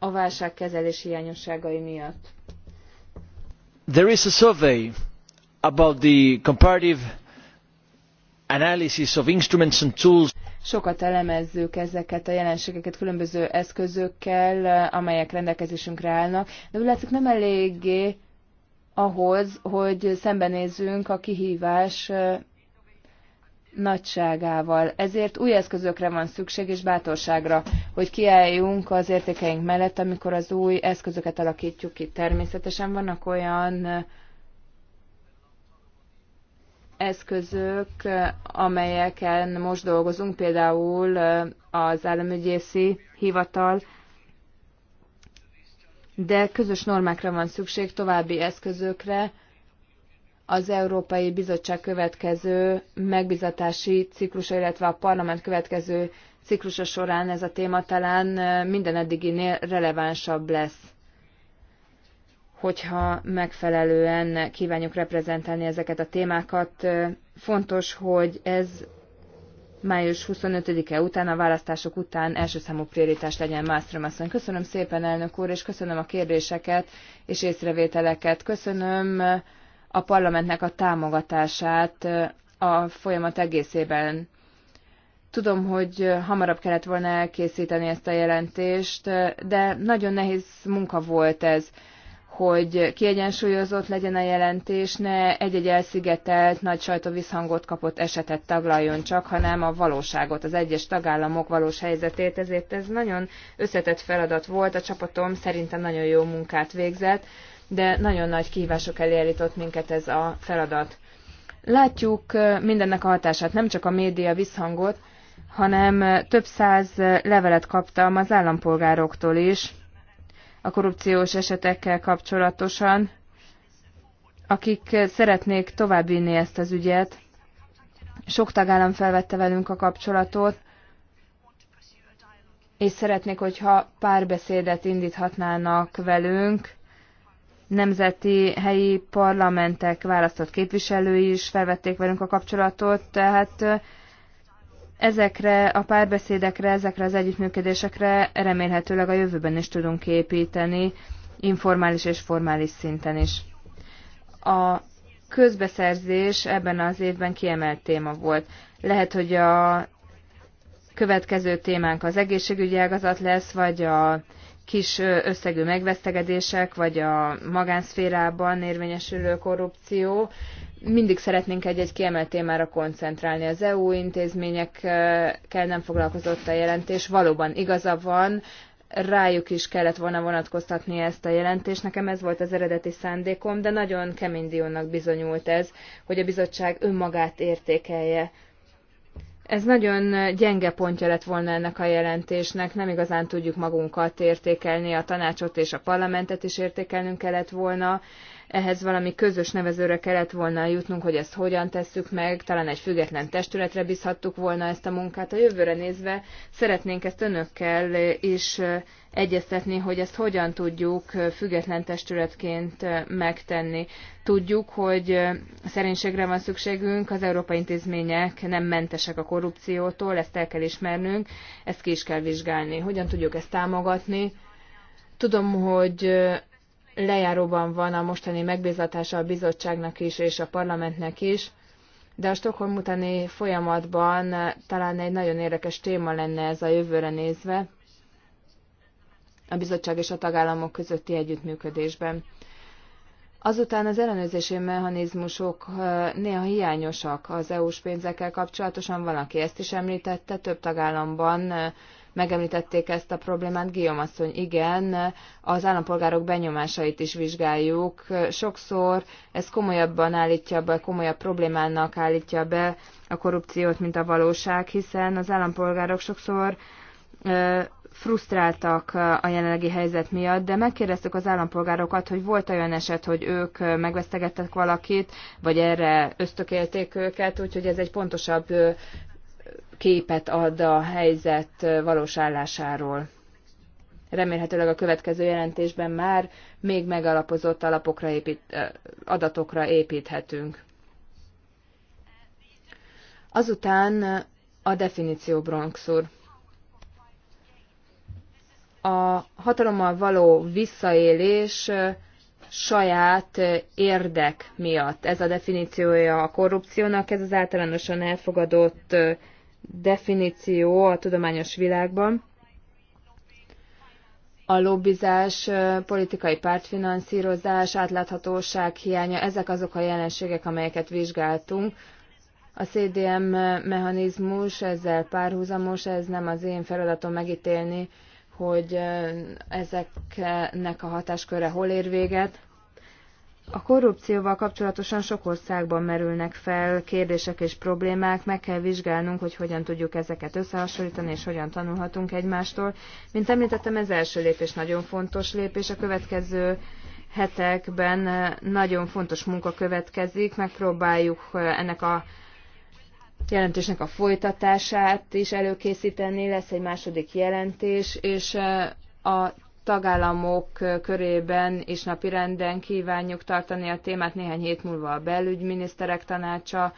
a válság kezelési hiányosságai miatt. There is a survey about the comparative analysis of instruments and tools. Sokat elemezzük ezeket a jelenségeket különböző eszközökkel, amelyek rendelkezésünkre állnak, de úgy látszik nem eléggé ahhoz, hogy szembenézzünk a kihívás nagyságával. Ezért új eszközökre van szükség és bátorságra, hogy kiálljunk az értékeink mellett, amikor az új eszközöket alakítjuk ki. Természetesen vannak olyan eszközök, amelyeken most dolgozunk, például az államügyészi hivatal, de közös normákra van szükség, további eszközökre. Az Európai Bizottság következő megbizatási ciklusa, illetve a parlament következő ciklusa során ez a téma talán minden eddiginél relevánsabb lesz hogyha megfelelően kívánjuk reprezentálni ezeket a témákat. Fontos, hogy ez május 25-e után, a választások után első számú prioritás legyen Mászrom asszony. Köszönöm szépen, elnök úr, és köszönöm a kérdéseket és észrevételeket. Köszönöm a parlamentnek a támogatását a folyamat egészében. Tudom, hogy hamarabb kellett volna elkészíteni ezt a jelentést, de nagyon nehéz munka volt ez hogy kiegyensúlyozott legyen a jelentés, ne egy-egy elszigetelt, nagy sajtóvisszhangot kapott esetet taglaljon csak, hanem a valóságot, az egyes tagállamok valós helyzetét. Ezért ez nagyon összetett feladat volt, a csapatom szerintem nagyon jó munkát végzett, de nagyon nagy kihívások elé elított minket ez a feladat. Látjuk mindennek a hatását, nem csak a média visszhangot, hanem több száz levelet kaptam az állampolgároktól is, a korrupciós esetekkel kapcsolatosan, akik szeretnék továbbvinni ezt az ügyet. Sok tagállam felvette velünk a kapcsolatot, és szeretnék, hogyha párbeszédet indíthatnának velünk. Nemzeti helyi parlamentek választott képviselői is felvették velünk a kapcsolatot, tehát Ezekre a párbeszédekre, ezekre az együttműködésekre remélhetőleg a jövőben is tudunk építeni, informális és formális szinten is. A közbeszerzés ebben az évben kiemelt téma volt. Lehet, hogy a következő témánk az egészségügyi ágazat lesz, vagy a kis összegű megvesztegedések, vagy a magánszférában érvényesülő korrupció mindig szeretnénk egy-egy kiemelt témára koncentrálni. Az EU intézményekkel nem foglalkozott a jelentés, valóban igaza van, rájuk is kellett volna vonatkoztatni ezt a jelentést. Nekem ez volt az eredeti szándékom, de nagyon kemény diónak bizonyult ez, hogy a bizottság önmagát értékelje. Ez nagyon gyenge pontja lett volna ennek a jelentésnek, nem igazán tudjuk magunkat értékelni, a tanácsot és a parlamentet is értékelnünk kellett volna ehhez valami közös nevezőre kellett volna jutnunk, hogy ezt hogyan tesszük meg, talán egy független testületre bízhattuk volna ezt a munkát. A jövőre nézve szeretnénk ezt önökkel is egyeztetni, hogy ezt hogyan tudjuk független testületként megtenni. Tudjuk, hogy szerénységre van szükségünk, az európai intézmények nem mentesek a korrupciótól, ezt el kell ismernünk, ezt ki is kell vizsgálni. Hogyan tudjuk ezt támogatni? Tudom, hogy lejáróban van a mostani megbízatása a bizottságnak is és a parlamentnek is, de a Stockholm utáni folyamatban talán egy nagyon érdekes téma lenne ez a jövőre nézve a bizottság és a tagállamok közötti együttműködésben. Azután az ellenőrzési mechanizmusok néha hiányosak az EU-s pénzekkel kapcsolatosan, valaki ezt is említette, több tagállamban megemlítették ezt a problémát, Guillaume asszony, igen, az állampolgárok benyomásait is vizsgáljuk. Sokszor ez komolyabban állítja be, komolyabb problémának állítja be a korrupciót, mint a valóság, hiszen az állampolgárok sokszor frusztráltak a jelenlegi helyzet miatt, de megkérdeztük az állampolgárokat, hogy volt olyan eset, hogy ők megvesztegettek valakit, vagy erre ösztökélték őket, úgyhogy ez egy pontosabb képet ad a helyzet valós állásáról. Remélhetőleg a következő jelentésben már még megalapozott alapokra épít, adatokra építhetünk. Azután a definíció bronxur. A hatalommal való visszaélés saját érdek miatt. Ez a definíciója a korrupciónak, ez az általánosan elfogadott definíció a tudományos világban. A lobbizás, politikai pártfinanszírozás, átláthatóság hiánya, ezek azok a jelenségek, amelyeket vizsgáltunk. A CDM mechanizmus ezzel párhuzamos, ez nem az én feladatom megítélni, hogy ezeknek a hatásköre hol ér véget. A korrupcióval kapcsolatosan sok országban merülnek fel kérdések és problémák, meg kell vizsgálnunk, hogy hogyan tudjuk ezeket összehasonlítani, és hogyan tanulhatunk egymástól. Mint említettem, ez első lépés nagyon fontos lépés. A következő hetekben eh, nagyon fontos munka következik, megpróbáljuk eh, ennek a jelentésnek a folytatását is előkészíteni, lesz egy második jelentés, és eh, a tagállamok körében is napirenden kívánjuk tartani a témát. Néhány hét múlva a belügyminiszterek tanácsa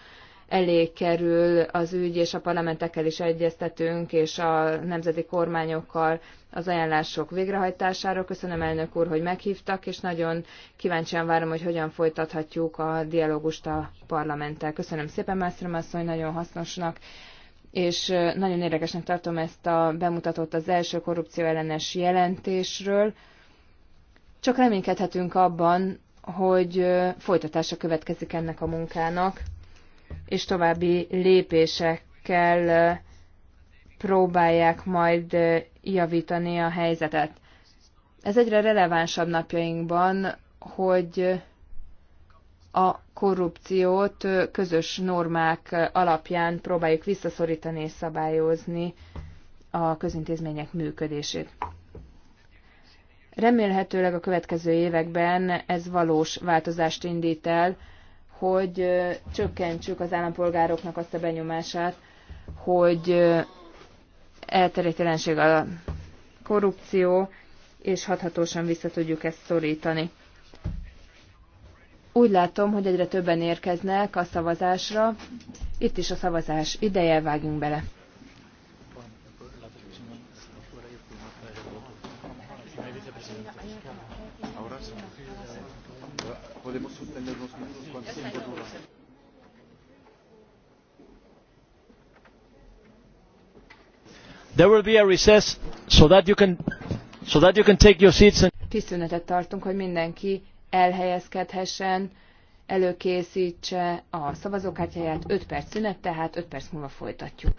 elé kerül az ügy, és a parlamentekkel is egyeztetünk, és a nemzeti kormányokkal az ajánlások végrehajtására. Köszönöm elnök úr, hogy meghívtak, és nagyon kíváncsian várom, hogy hogyan folytathatjuk a dialógust a parlamenttel. Köszönöm szépen, Mászrom asszony, nagyon hasznosnak és nagyon érdekesnek tartom ezt a bemutatót az első korrupció ellenes jelentésről. Csak reménykedhetünk abban, hogy folytatása következik ennek a munkának, és további lépésekkel próbálják majd javítani a helyzetet. Ez egyre relevánsabb napjainkban, hogy a korrupciót közös normák alapján próbáljuk visszaszorítani és szabályozni a közintézmények működését. Remélhetőleg a következő években ez valós változást indít el, hogy csökkentsük az állampolgároknak azt a benyomását, hogy elterjedtelenség a korrupció, és hathatósan vissza tudjuk ezt szorítani. Úgy látom, hogy egyre többen érkeznek a szavazásra. Itt is a szavazás ideje, vágjunk bele. There will be a recess so that you can so that you can take your seats and tartunk, hogy mindenki elhelyezkedhessen, előkészítse a szavazókártyáját, 5 perc szünet, tehát 5 perc múlva folytatjuk.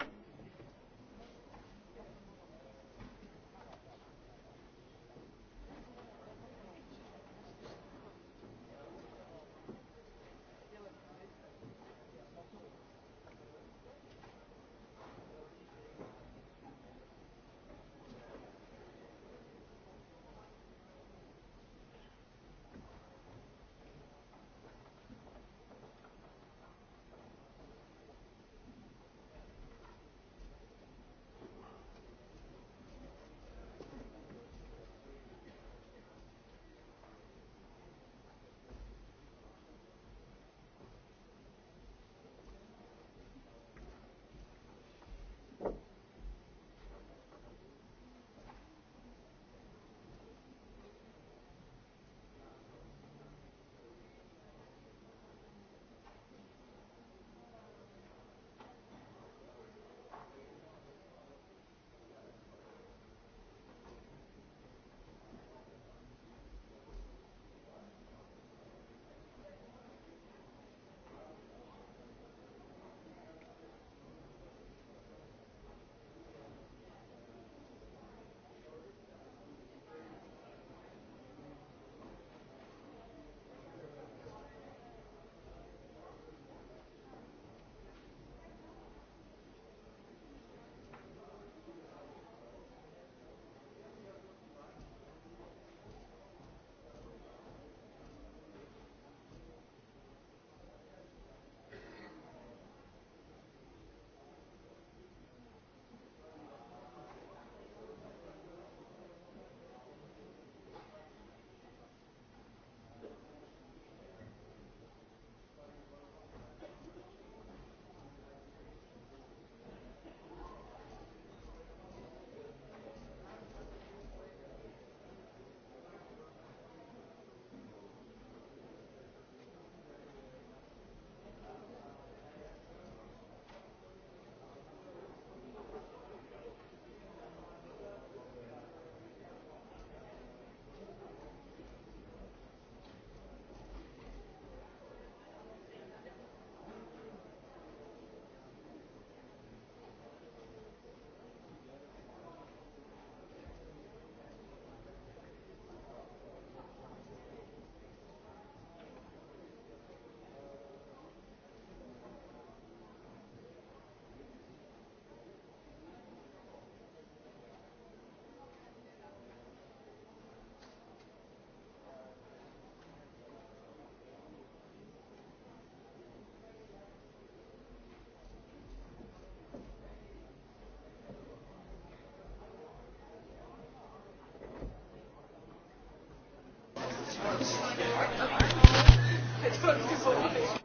fünf gefunden.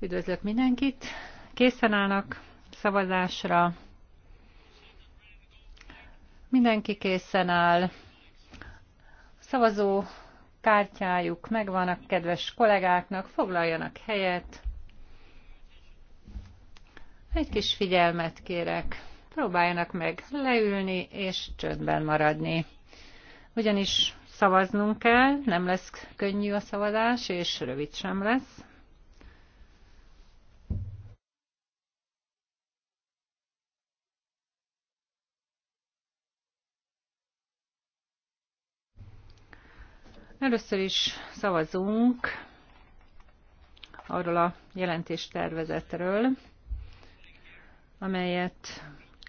Üdvözlök mindenkit. Készen állnak szavazásra. Mindenki készen áll. Szavazó kártyájuk megvan a kedves kollégáknak, foglaljanak helyet. Egy kis figyelmet kérek. Próbáljanak meg leülni és csöndben maradni. Ugyanis szavaznunk kell, nem lesz könnyű a szavazás, és rövid sem lesz. Először is szavazunk arról a jelentéstervezetről, amelyet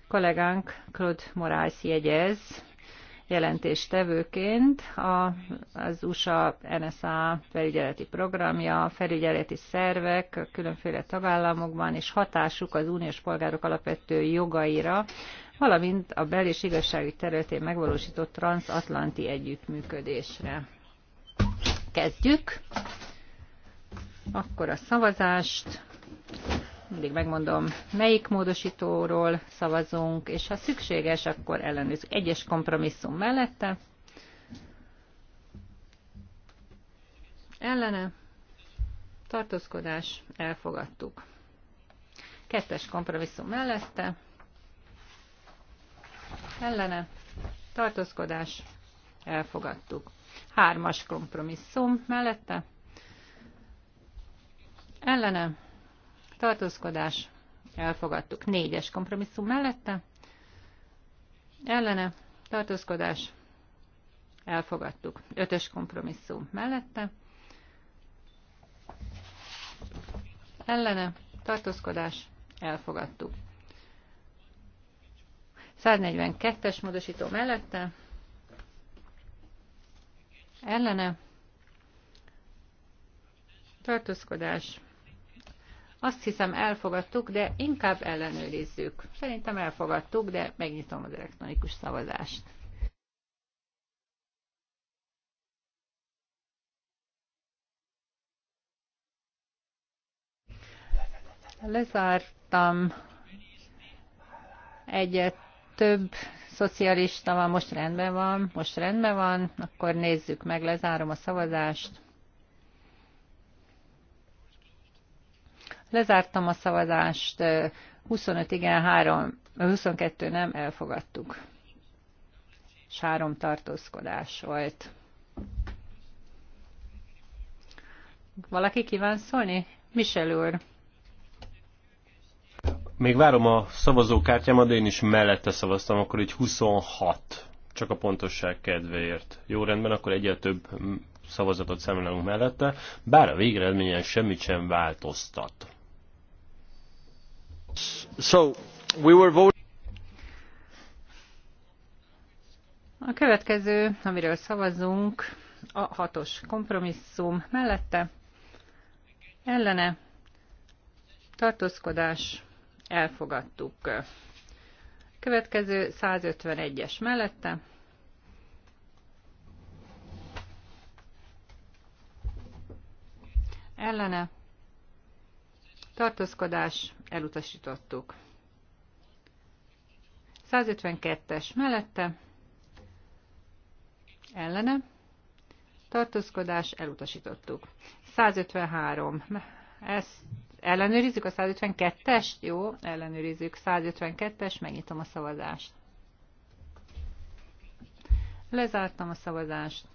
kollégánk Claude Morales jegyez, jelentéstevőként a, az USA NSA felügyeleti programja, felügyeleti szervek a különféle tagállamokban, és hatásuk az uniós polgárok alapvető jogaira, valamint a bel- és igazságügy területén megvalósított transatlanti együttműködésre. Kezdjük. Akkor a szavazást mindig megmondom, melyik módosítóról szavazunk, és ha szükséges, akkor ellenőrzünk. Egyes kompromisszum mellette. Ellene. Tartózkodás. Elfogadtuk. Kettes kompromisszum mellette. Ellene. Tartózkodás. Elfogadtuk. Hármas kompromisszum mellette. Ellene tartózkodás, elfogadtuk. Négyes kompromisszum mellette, ellene, tartózkodás, elfogadtuk. Ötös kompromisszum mellette, ellene, tartózkodás, elfogadtuk. 142-es módosító mellette, ellene, tartózkodás, azt hiszem elfogadtuk, de inkább ellenőrizzük. Szerintem elfogadtuk, de megnyitom az elektronikus szavazást. Lezártam egyet több szocialista van, most rendben van, most rendben van, akkor nézzük meg, lezárom a szavazást. Lezártam a szavazást, 25 igen, 3, 22 nem, elfogadtuk. És három tartózkodás volt. Valaki kíván szólni? Michel úr. Még várom a szavazókártyámat, de én is mellette szavaztam, akkor így 26. Csak a pontosság kedvéért. Jó rendben, akkor egyre több szavazatot szemlélünk mellette, bár a végeredményen semmit sem változtat. A következő, amiről szavazunk, a hatos kompromisszum mellette ellene tartózkodás elfogadtuk. Következő 151-es mellette ellene tartózkodás elutasítottuk. 152-es mellette, ellene, tartózkodás, elutasítottuk. 153, ezt ellenőrizzük a 152-est? Jó, ellenőrizzük 152-es, megnyitom a szavazást. Lezártam a szavazást.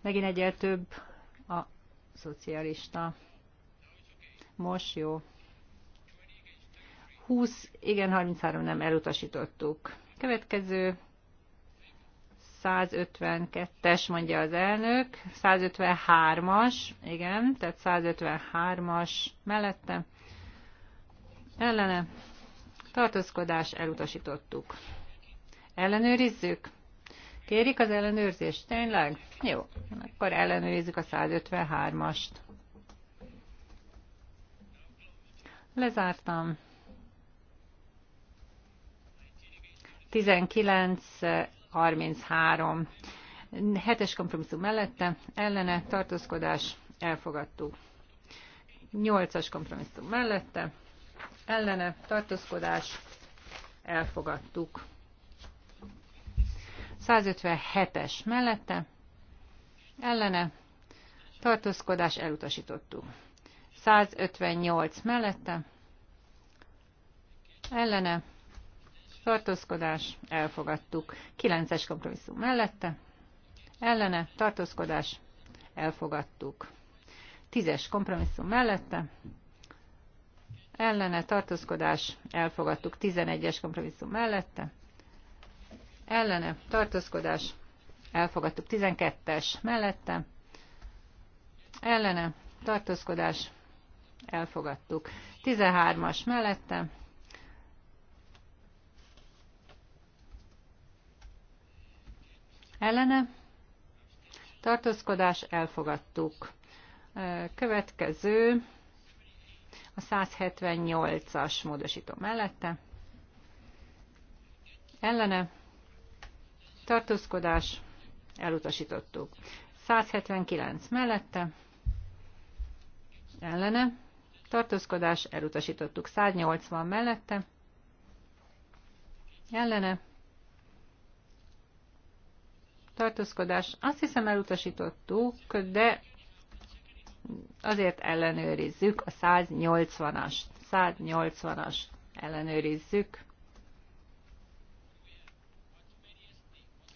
Megint egyel több a szocialista. Most jó. 20, igen, 33 nem elutasítottuk. Következő 152-es, mondja az elnök. 153-as, igen, tehát 153-as mellette. Ellene. Tartózkodás elutasítottuk. Ellenőrizzük? Kérik az ellenőrzést, tényleg? Jó, akkor ellenőrizzük a 153-ast. Lezártam. 19 Hetes kompromisszum mellette, ellene, tartózkodás, elfogadtuk. 8-as kompromisszum mellette, ellene, tartózkodás, elfogadtuk. 157-es mellette, ellene, tartózkodás, elutasítottuk. 158 mellette, ellene, tartózkodás, elfogadtuk. 9-es kompromisszum mellette, ellene, tartózkodás, elfogadtuk. 10-es kompromisszum mellette, ellene, tartózkodás, elfogadtuk. 11-es kompromisszum mellette, ellene, tartózkodás, elfogadtuk. 12-es mellette, ellene, tartózkodás, elfogadtuk. 13-as mellette, ellene, tartózkodás, elfogadtuk. Következő a 178-as módosító mellette, ellene, tartózkodás, elutasítottuk. 179 mellette, ellene, tartózkodás, elutasítottuk 180 mellette, ellene, tartózkodás, azt hiszem elutasítottuk, de azért ellenőrizzük a 180-as, 180-as ellenőrizzük.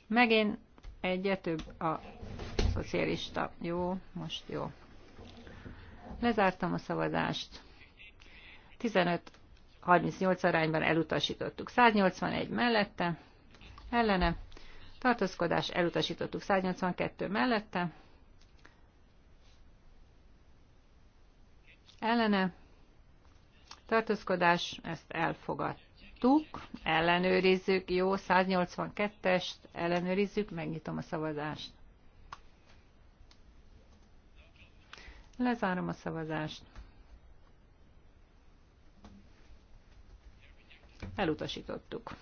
Megint egyetőbb a szocialista. Jó, most jó. Lezártam a szavazást. 15-38 arányban elutasítottuk. 181 mellette, ellene. Tartózkodás elutasítottuk 182 mellette. Ellene. Tartózkodás, ezt elfogadtuk. Ellenőrizzük, jó, 182-est ellenőrizzük, megnyitom a szavazást. Lezárom a szavazást. Elutasítottuk.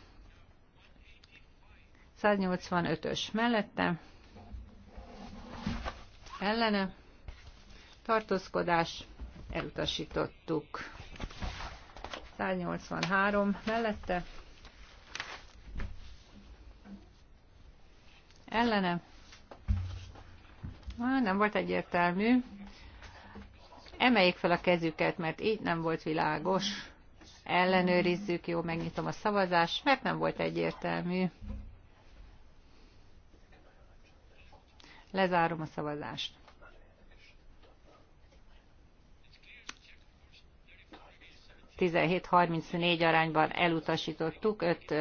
185-ös mellette. Ellene. Tartózkodás. Elutasítottuk. 183 mellette. Ellene. nem volt egyértelmű. Emeljék fel a kezüket, mert így nem volt világos. Ellenőrizzük, jó, megnyitom a szavazást, mert nem volt egyértelmű. Lezárom a szavazást. Tizenhét 34 arányban elutasítottuk, öt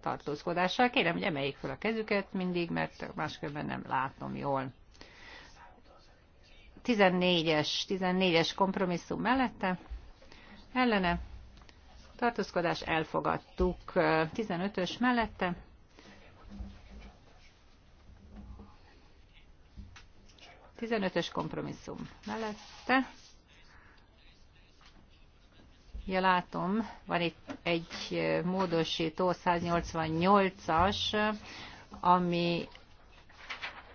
tartózkodással. Kérem, hogy emeljék fel a kezüket mindig, mert máskülönben nem látom jól. 14-es, 14-es kompromisszum mellette, ellene, tartózkodás elfogadtuk, 15-ös mellette, Tizenötös kompromisszum mellette. Ja, látom, van itt egy módosító, 188-as, ami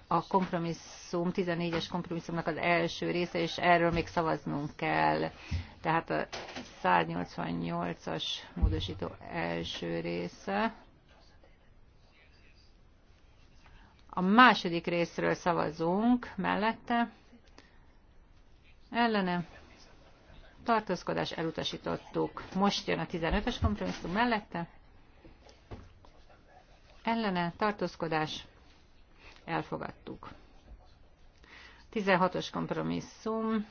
a kompromisszum, 14-es kompromisszumnak az első része, és erről még szavaznunk kell. Tehát a 188-as módosító első része. A második részről szavazunk mellette. Ellene. Tartózkodás elutasítottuk. Most jön a 15-ös kompromisszum mellette. Ellene. Tartózkodás elfogadtuk. 16-os kompromisszum,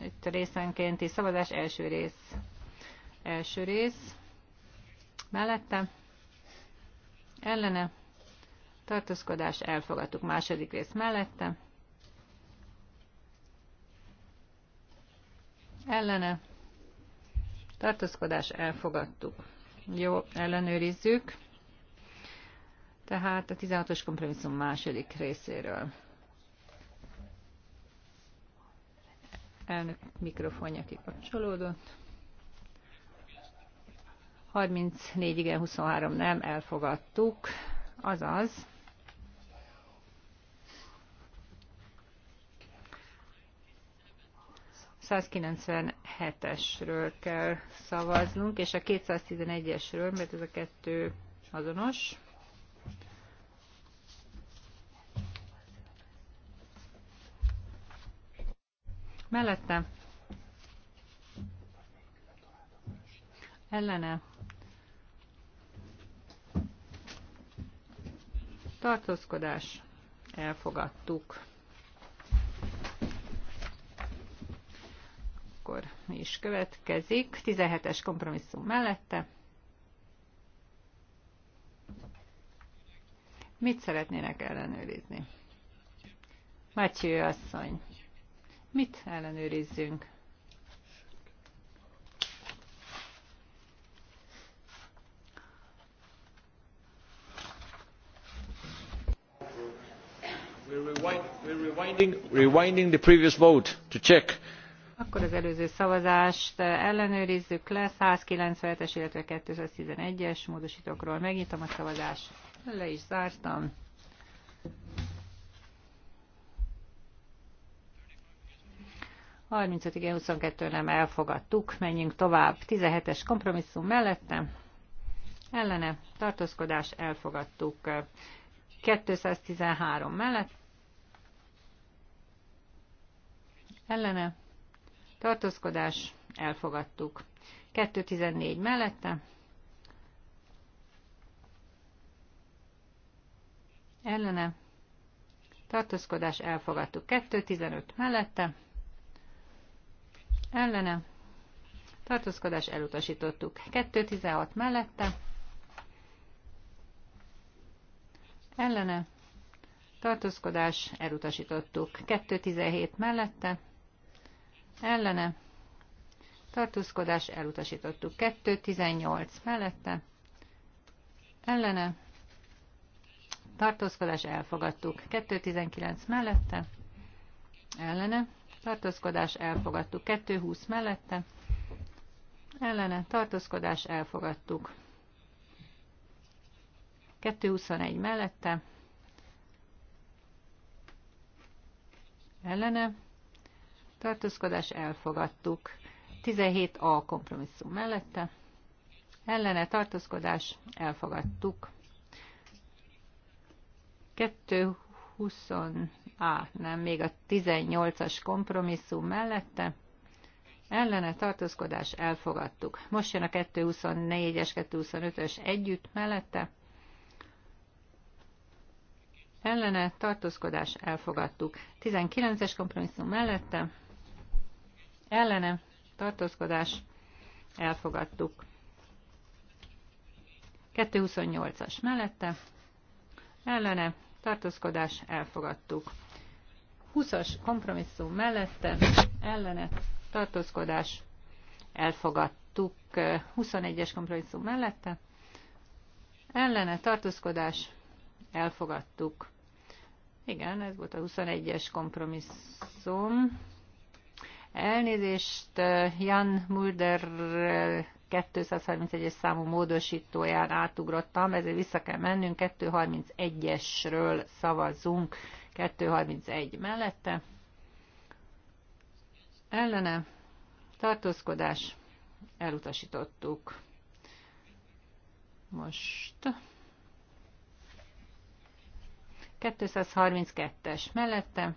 itt részenkénti szavazás, első rész. Első rész, mellette, ellene, tartózkodás, elfogadtuk. Második rész mellette, ellene, tartózkodás, elfogadtuk. Jó, ellenőrizzük. Tehát a 16-os kompromisszum második részéről. Elnök mikrofonja kikapcsolódott. 34 igen, 23 nem, elfogadtuk. Azaz, A ...197-esről kell szavaznunk, és a 211-esről, mert ez a kettő azonos. mellette, ellene, tartózkodás, elfogadtuk. Akkor mi is következik, 17-es kompromisszum mellette. Mit szeretnének ellenőrizni? Matyő asszony. Mit ellenőrizzünk? rewinding the previous vote to check. Akkor az előző szavazást ellenőrizzük le, 197-es, illetve 211-es módosítókról megnyitom a szavazást. Le is zártam. 35 22 nem elfogadtuk. Menjünk tovább. 17-es kompromisszum mellette. Ellene tartózkodás elfogadtuk. 213 mellett. Ellene tartózkodás elfogadtuk. 214 mellette. Ellene tartózkodás elfogadtuk. 215 mellette ellene, tartózkodás elutasítottuk. 216 mellette, ellene, tartózkodás elutasítottuk. 217 mellette, ellene, tartózkodás elutasítottuk. 218 mellette, ellene, tartózkodás elfogadtuk. 219 mellette, ellene, tartózkodás elfogadtuk. 220 mellette ellene tartózkodás elfogadtuk. 221 mellette ellene tartózkodás elfogadtuk. 17a kompromisszum mellette ellene tartózkodás elfogadtuk. 220 a. Nem, még a 18-as kompromisszum mellette. Ellene tartózkodás elfogadtuk. Most jön a 224-es, 225-ös együtt mellette. Ellene tartózkodás elfogadtuk. 19-es kompromisszum mellette. Ellene tartózkodás elfogadtuk. 228-as mellette. Ellene tartózkodás elfogadtuk. 20-as kompromisszum mellette ellenet tartózkodás elfogadtuk. 21-es kompromisszum mellette ellene tartózkodás elfogadtuk. Igen, ez volt a 21-es kompromisszum. Elnézést, Jan Mulder 231-es számú módosítóján átugrottam, ezért vissza kell mennünk, 231-esről szavazunk 231 mellette, ellene, tartózkodás, elutasítottuk. Most 232-es mellette,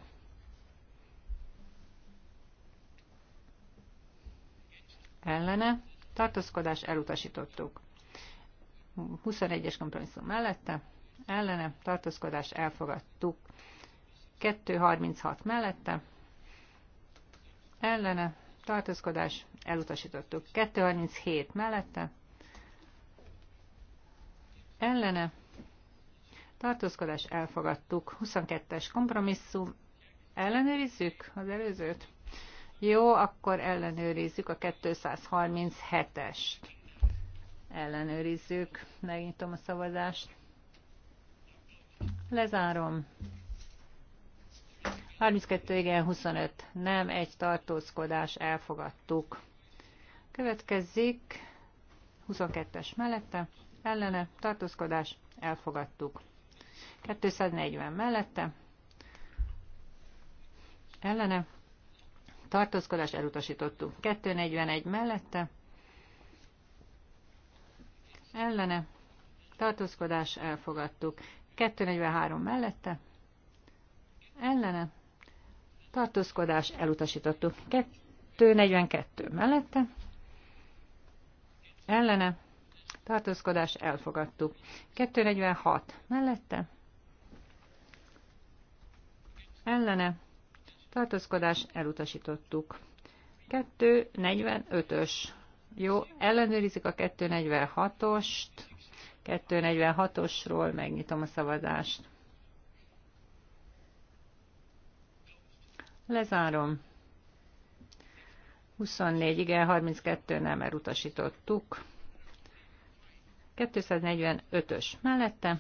ellene, tartózkodás, elutasítottuk. 21-es kompromisszum mellette, ellene, tartózkodás, elfogadtuk. 2.36 mellette, ellene, tartózkodás, elutasítottuk. 2.37 mellette, ellene, tartózkodás, elfogadtuk. 22-es kompromisszum, ellenőrizzük az előzőt. Jó, akkor ellenőrizzük a 237-est. Ellenőrizzük, megnyitom a szavazást. Lezárom. 32 igen, 25 nem, egy tartózkodás, elfogadtuk. Következik 22-es mellette, ellene, tartózkodás, elfogadtuk. 240 mellette, ellene, tartózkodás, elutasítottuk. 241 mellette, ellene, tartózkodás, elfogadtuk. 243 mellette, ellene, tartózkodás elutasítottuk. 242 mellette, ellene, tartózkodás elfogadtuk. 246 mellette, ellene, tartózkodás elutasítottuk. 245-ös. Jó, ellenőrizik a 246-ost. 246-osról megnyitom a szavazást. Lezárom. 24 igen, 32 nem elutasítottuk. 245-ös mellette.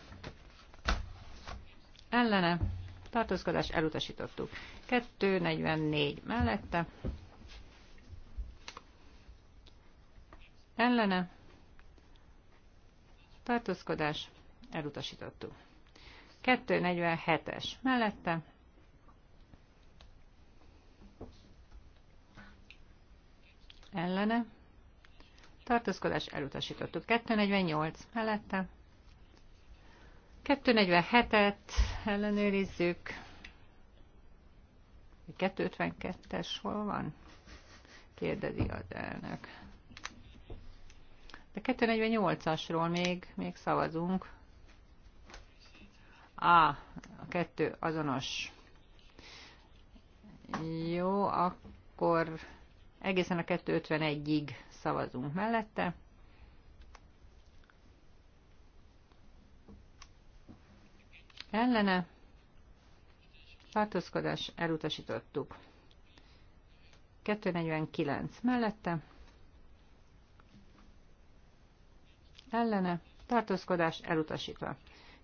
Ellene. Tartózkodás elutasítottuk. 244 mellette. Ellene. Tartózkodás elutasítottuk. 247-es mellette ellene, tartózkodás elutasítottuk. 248 mellette, 247-et ellenőrizzük, 252-es hol van? kérdezi az elnök. De 248-asról még, még szavazunk. Á, a kettő azonos. Jó, akkor Egészen a 251-ig szavazunk mellette. Ellene. Tartózkodás elutasítottuk. 249 mellette. Ellene. Tartózkodás elutasítva.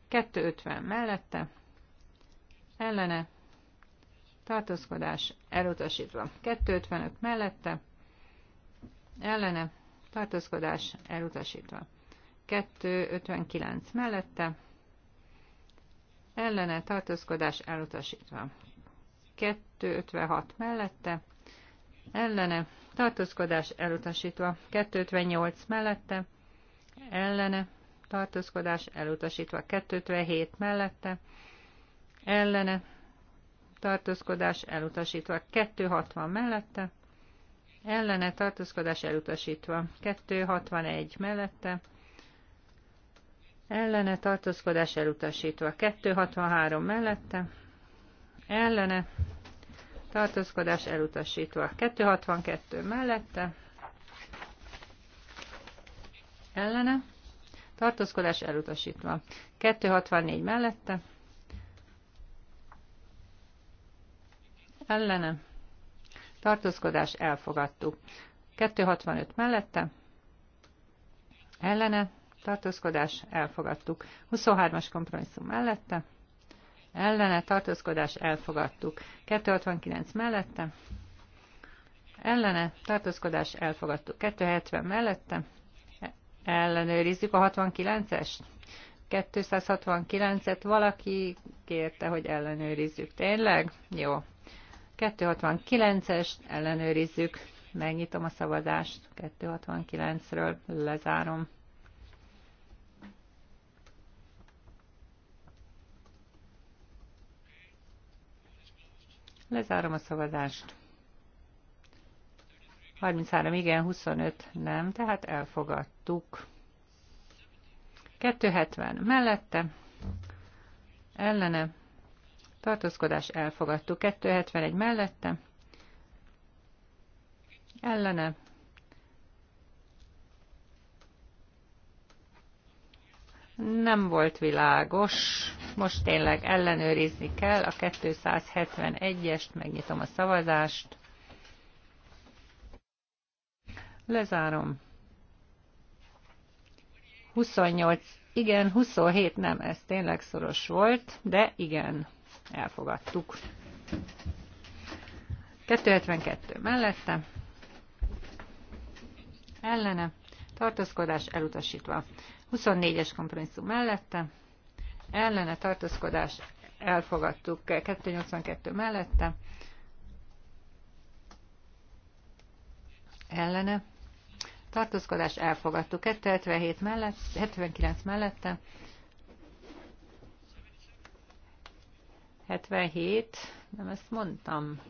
250 mellette. Ellene tartózkodás elutasítva. 255 mellette, ellene, tartózkodás elutasítva. 259 mellette, ellene, tartózkodás elutasítva. 256 mellette, ellene, tartózkodás elutasítva. 258 mellette, ellene, tartózkodás elutasítva. 257 mellette, ellene, tartózkodás elutasítva. 260 mellette, ellene tartózkodás elutasítva. 261 mellette, ellene tartózkodás elutasítva. 263 mellette, ellene tartózkodás elutasítva. 262 mellette, ellene tartózkodás elutasítva. 264 mellette, ellene, tartózkodás elfogadtuk. 265 mellette, ellene, tartózkodás elfogadtuk. 23-as kompromisszum mellette, ellene, tartózkodás elfogadtuk. 269 mellette, ellene, tartózkodás elfogadtuk. 270 mellette, ellenőrizzük a 69-est. 269-et valaki kérte, hogy ellenőrizzük. Tényleg? Jó. 269-es, ellenőrizzük. Megnyitom a szavazást 269-ről, lezárom. Lezárom a szavazást. 33 igen, 25 nem, tehát elfogadtuk. 270 mellette, ellene, tartózkodás elfogadtuk. 271 mellette, ellene, nem volt világos, most tényleg ellenőrizni kell a 271-est, megnyitom a szavazást, lezárom. 28, igen, 27 nem, ez tényleg szoros volt, de igen. Elfogadtuk. 272 mellette. Ellene. Tartózkodás elutasítva. 24-es kompromisszum mellette. Ellene tartózkodás elfogadtuk 282 mellette. Ellene. Tartózkodás elfogadtuk 277 mellett, 79 mellette 77, nem ezt mondtam,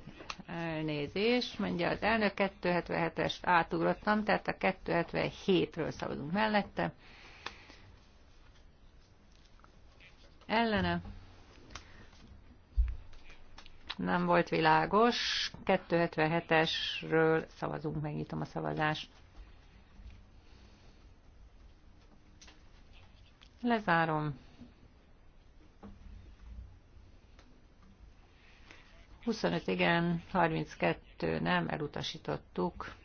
elnézés, mondja az elnök, 277-est átugrottam, tehát a 277-ről szavazunk mellette. Ellene nem volt világos, 277-esről szavazunk, megnyitom a szavazást. Lezárom. 25 igen, 32 nem, elutasítottuk.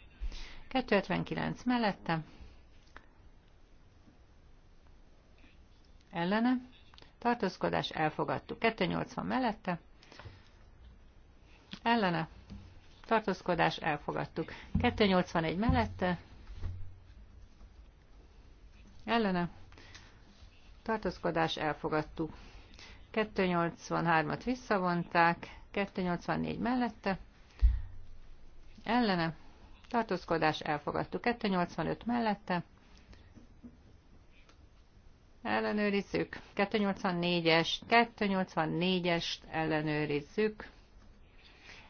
279 mellette. Ellene. Tartózkodás elfogadtuk. 280 mellette. Ellene. Tartózkodás elfogadtuk. 281 mellette. Ellene. Tartózkodás elfogadtuk. 283-at visszavonták, 284 mellette, ellene, tartózkodás elfogadtuk, 285 mellette, ellenőrizzük, 284-es, 284-est ellenőrizzük,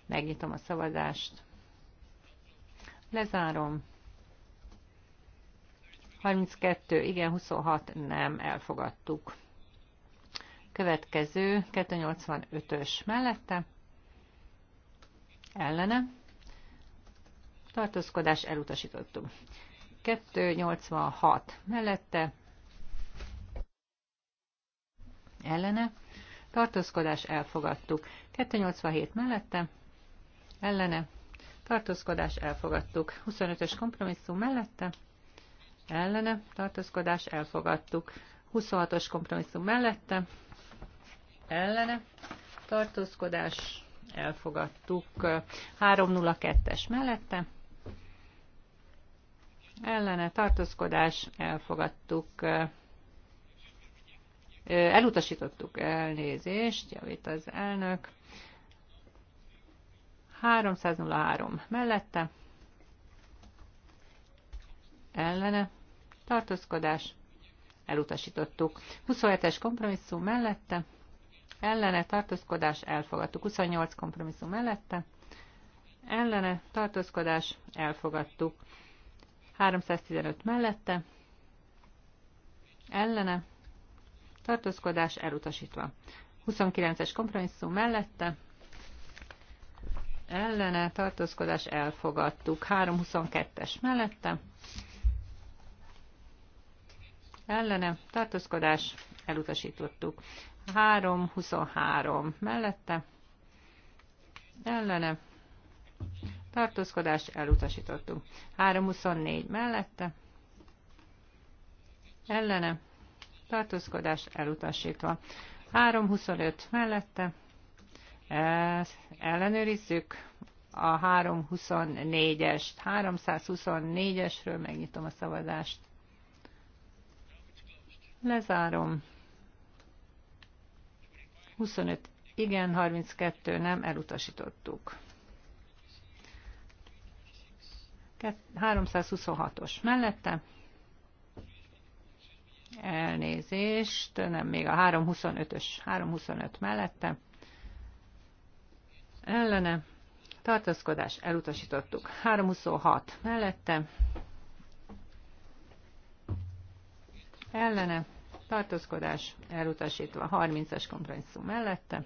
megnyitom a szavazást, lezárom, 32, igen, 26, nem, elfogadtuk. Következő 285-ös mellette, ellene, tartózkodás elutasítottuk. 286 mellette, ellene, tartózkodás elfogadtuk. 287 mellette, ellene, tartózkodás elfogadtuk. 25-ös kompromisszum mellette, ellene, tartózkodás elfogadtuk. 26-os kompromisszum mellette, ellene, tartózkodás elfogadtuk. 302-es mellette ellene tartózkodás elfogadtuk. Elutasítottuk elnézést, javít az elnök. 303 mellette ellene tartózkodás elutasítottuk. 27-es kompromisszum mellette ellene tartózkodás elfogadtuk. 28 kompromisszum mellette ellene tartózkodás elfogadtuk. 315 mellette ellene tartózkodás elutasítva. 29-es kompromisszum mellette ellene tartózkodás elfogadtuk. 322-es mellette ellene tartózkodás elutasítottuk. 323 mellette, ellene, tartózkodás elutasítottuk. 324 mellette, ellene, tartózkodás elutasítva. 325 mellette, ezt ellenőrizzük a 324-est, 324-esről megnyitom a szavazást. Lezárom. 25 igen, 32 nem, elutasítottuk. 326-os mellette. Elnézést, nem még a 325-ös, 325 mellette. Ellene. tartaszkodás, elutasítottuk. 326 mellette. Ellene tartózkodás elutasítva 30-as kompromisszum mellette.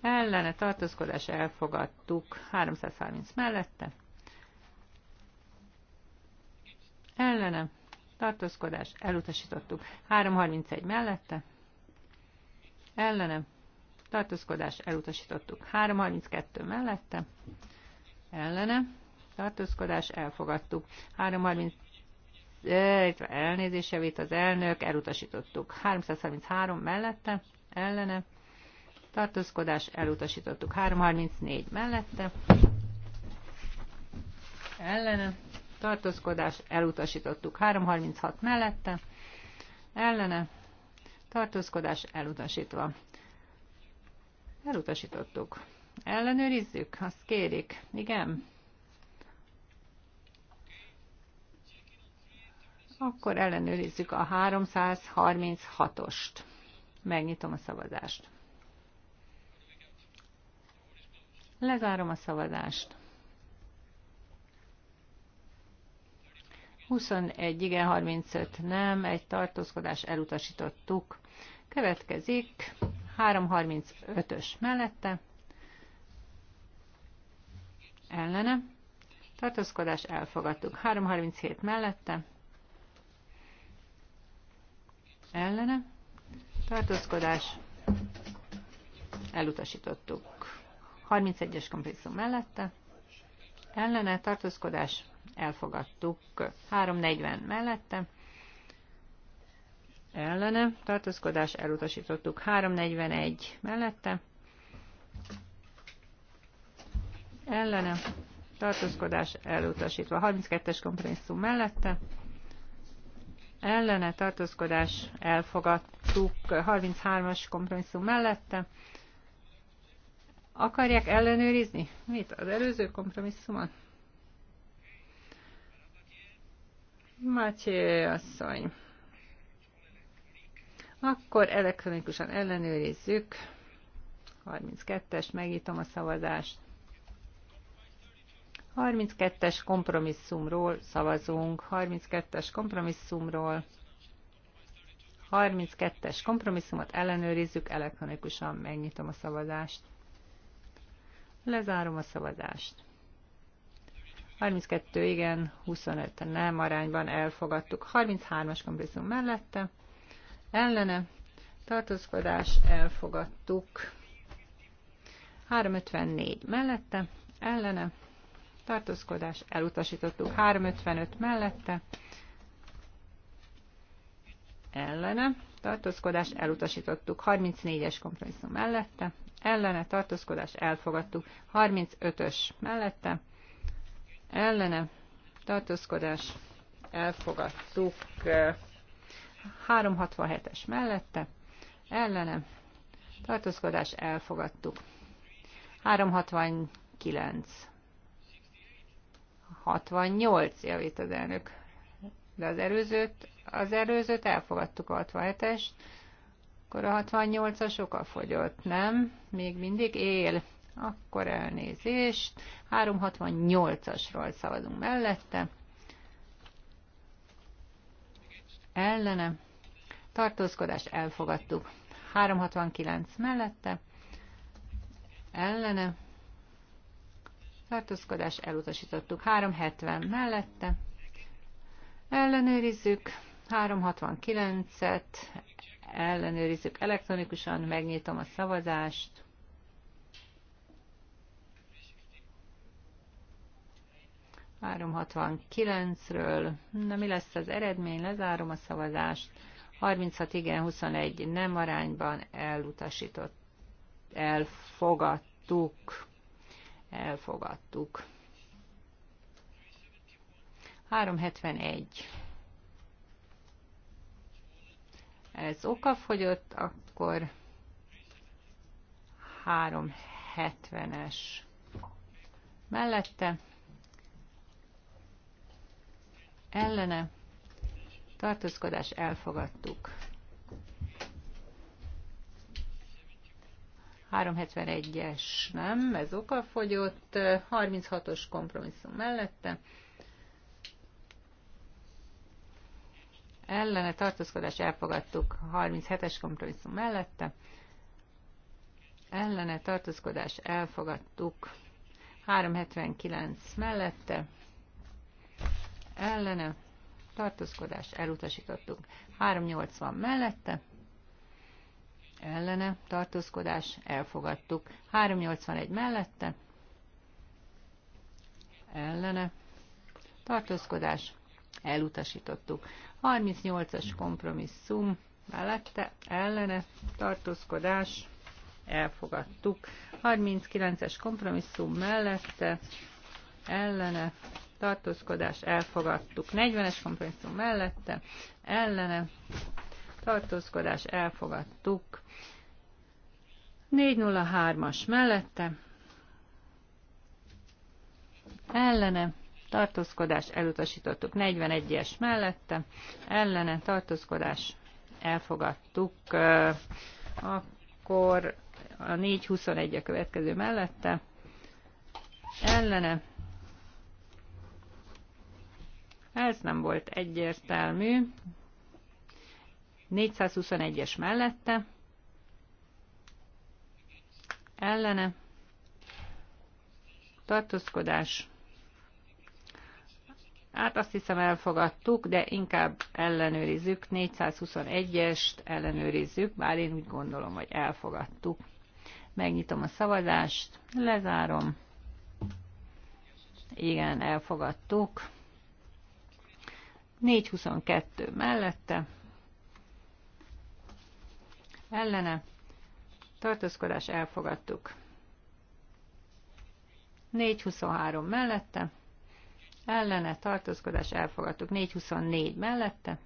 Ellene tartózkodás elfogadtuk 330 mellette. Ellene tartózkodás elutasítottuk 331 mellette. Ellene tartózkodás elutasítottuk 332 mellette. Ellene tartózkodás elfogadtuk 330 elnézést az elnök, elutasítottuk. 333 mellette, ellene, tartózkodás, elutasítottuk. 334 mellette, ellene, tartózkodás, elutasítottuk. 336 mellette, ellene, tartózkodás, elutasítva. Elutasítottuk. Ellenőrizzük? Azt kérik. Igen. Akkor ellenőrizzük a 336-ost. Megnyitom a szavazást. Lezárom a szavazást. 21 igen, 35 nem, egy tartózkodás elutasítottuk. Következik 335-ös mellette. Ellene. Tartózkodás elfogadtuk. 337 mellette ellene, tartózkodás, elutasítottuk. 31-es kompromisszum mellette, ellene, tartózkodás, elfogadtuk. 340 mellette, ellene, tartózkodás, elutasítottuk. 341 mellette, ellene, tartózkodás, elutasítva. 32-es kompromisszum mellette, ellene tartózkodás elfogadtuk 33-as kompromisszum mellette. Akarják ellenőrizni? Mit? Az előző kompromisszumot? Mátyé asszony. Akkor elektronikusan ellenőrizzük. 32-es, megítom a szavazást. 32-es kompromisszumról szavazunk. 32-es kompromisszumról. 32-es kompromisszumot ellenőrizzük elektronikusan. Megnyitom a szavazást. Lezárom a szavazást. 32 igen, 25 nem arányban elfogadtuk. 33-as kompromisszum mellette. Ellene. Tartózkodás elfogadtuk. 354 mellette. Ellene tartózkodás, elutasítottuk 355 mellette, ellene, tartózkodás, elutasítottuk 34-es kompromisszum mellette, ellene, tartózkodás, elfogadtuk 35-ös mellette, ellene, tartózkodás, elfogadtuk 367-es mellette, ellene, tartózkodás, elfogadtuk 369 68 javít az elnök. De az előzőt, az előzőt elfogadtuk a 67 es akkor a 68-as fogyott, nem? Még mindig él. Akkor elnézést. 368-asról szavazunk mellette. Ellene. Tartózkodást elfogadtuk. 369 mellette. Ellene tartózkodás elutasítottuk. 370 mellette. Ellenőrizzük 369-et, ellenőrizzük elektronikusan, megnyitom a szavazást. ről Na mi lesz az eredmény? Lezárom a szavazást. 36 igen, 21 nem arányban elutasított, elfogadtuk. Elfogadtuk. 371. Ez okafogyott, akkor 370-es mellette, ellene, tartózkodás elfogadtuk. 371-es nem, ez okafogyott, 36-os kompromisszum mellette. Ellene tartózkodás elfogadtuk 37-es kompromisszum mellette. Ellene tartózkodás elfogadtuk 379 mellette. Ellene tartózkodás elutasítottuk 380 mellette ellene tartózkodás elfogadtuk. 381 mellette ellene tartózkodás elutasítottuk. 38-as kompromisszum mellette ellene tartózkodás elfogadtuk. 39-es kompromisszum mellette ellene tartózkodás elfogadtuk. 40-es kompromisszum mellette ellene tartózkodás, elfogadtuk. 403-as mellette, ellene, tartózkodás, elutasítottuk. 41-es mellette, ellene, tartózkodás, elfogadtuk. Akkor a 421 a következő mellette, ellene, ez nem volt egyértelmű. 421-es mellette, ellene, tartózkodás. Hát azt hiszem elfogadtuk, de inkább ellenőrizzük, 421-est ellenőrizzük, bár én úgy gondolom, hogy elfogadtuk. Megnyitom a szavazást, lezárom. Igen, elfogadtuk. 422 mellette ellene, tartózkodás elfogadtuk. 423 mellette, ellene, tartózkodás elfogadtuk. 424 mellette,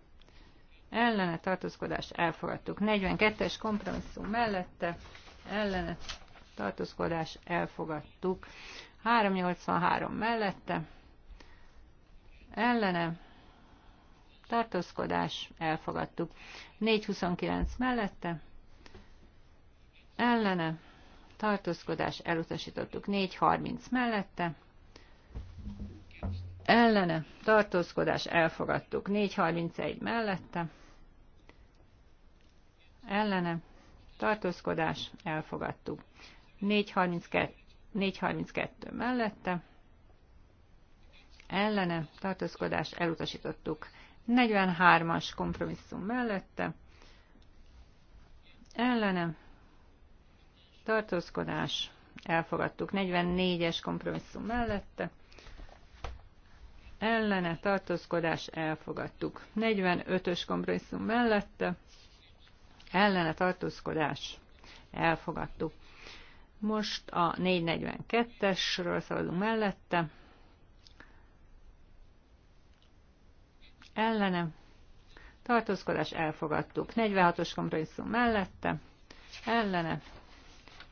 ellene, tartózkodás elfogadtuk. 42-es kompromisszum mellette, ellene, tartózkodás elfogadtuk. 383 mellette, ellene, tartózkodás elfogadtuk. 429 mellette, ellene, tartózkodás elutasítottuk 4.30 mellette, ellene, tartózkodás elfogadtuk 4.31 mellette, ellene, tartózkodás elfogadtuk 4.32, 432 mellette, ellene, tartózkodás elutasítottuk 43-as kompromisszum mellette, ellene, tartózkodás, elfogadtuk. 44-es kompromisszum mellette, ellene tartózkodás, elfogadtuk. 45-ös kompromisszum mellette, ellene tartózkodás, elfogadtuk. Most a 442-esről szavazunk mellette. Ellene. Tartózkodás elfogadtuk. 46-os kompromisszum mellette. Ellene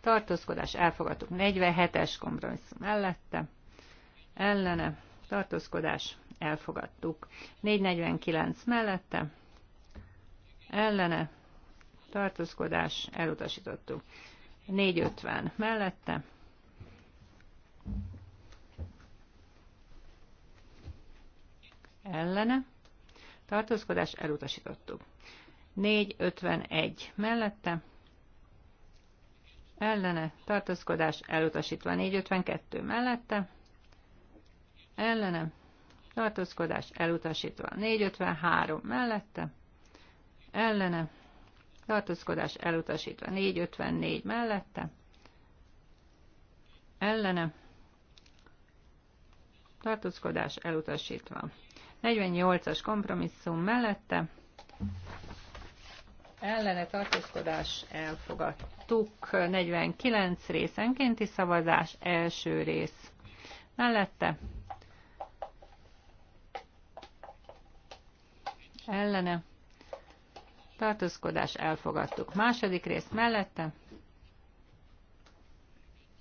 tartózkodás elfogadtuk. 47-es kompromisszum mellette, ellene, tartózkodás elfogadtuk. 449 mellette, ellene, tartózkodás elutasítottuk. 450 mellette, ellene, tartózkodás elutasítottuk. 451 mellette, ellene tartózkodás elutasítva 452 mellette, ellene tartózkodás elutasítva 453 mellette, ellene tartózkodás elutasítva 454 mellette, ellene tartózkodás elutasítva 48-as kompromisszum mellette, ellene tartózkodás elfogadt láttuk, 49 részenkénti szavazás, első rész. Mellette. Ellene. Tartózkodás elfogadtuk. Második rész mellette.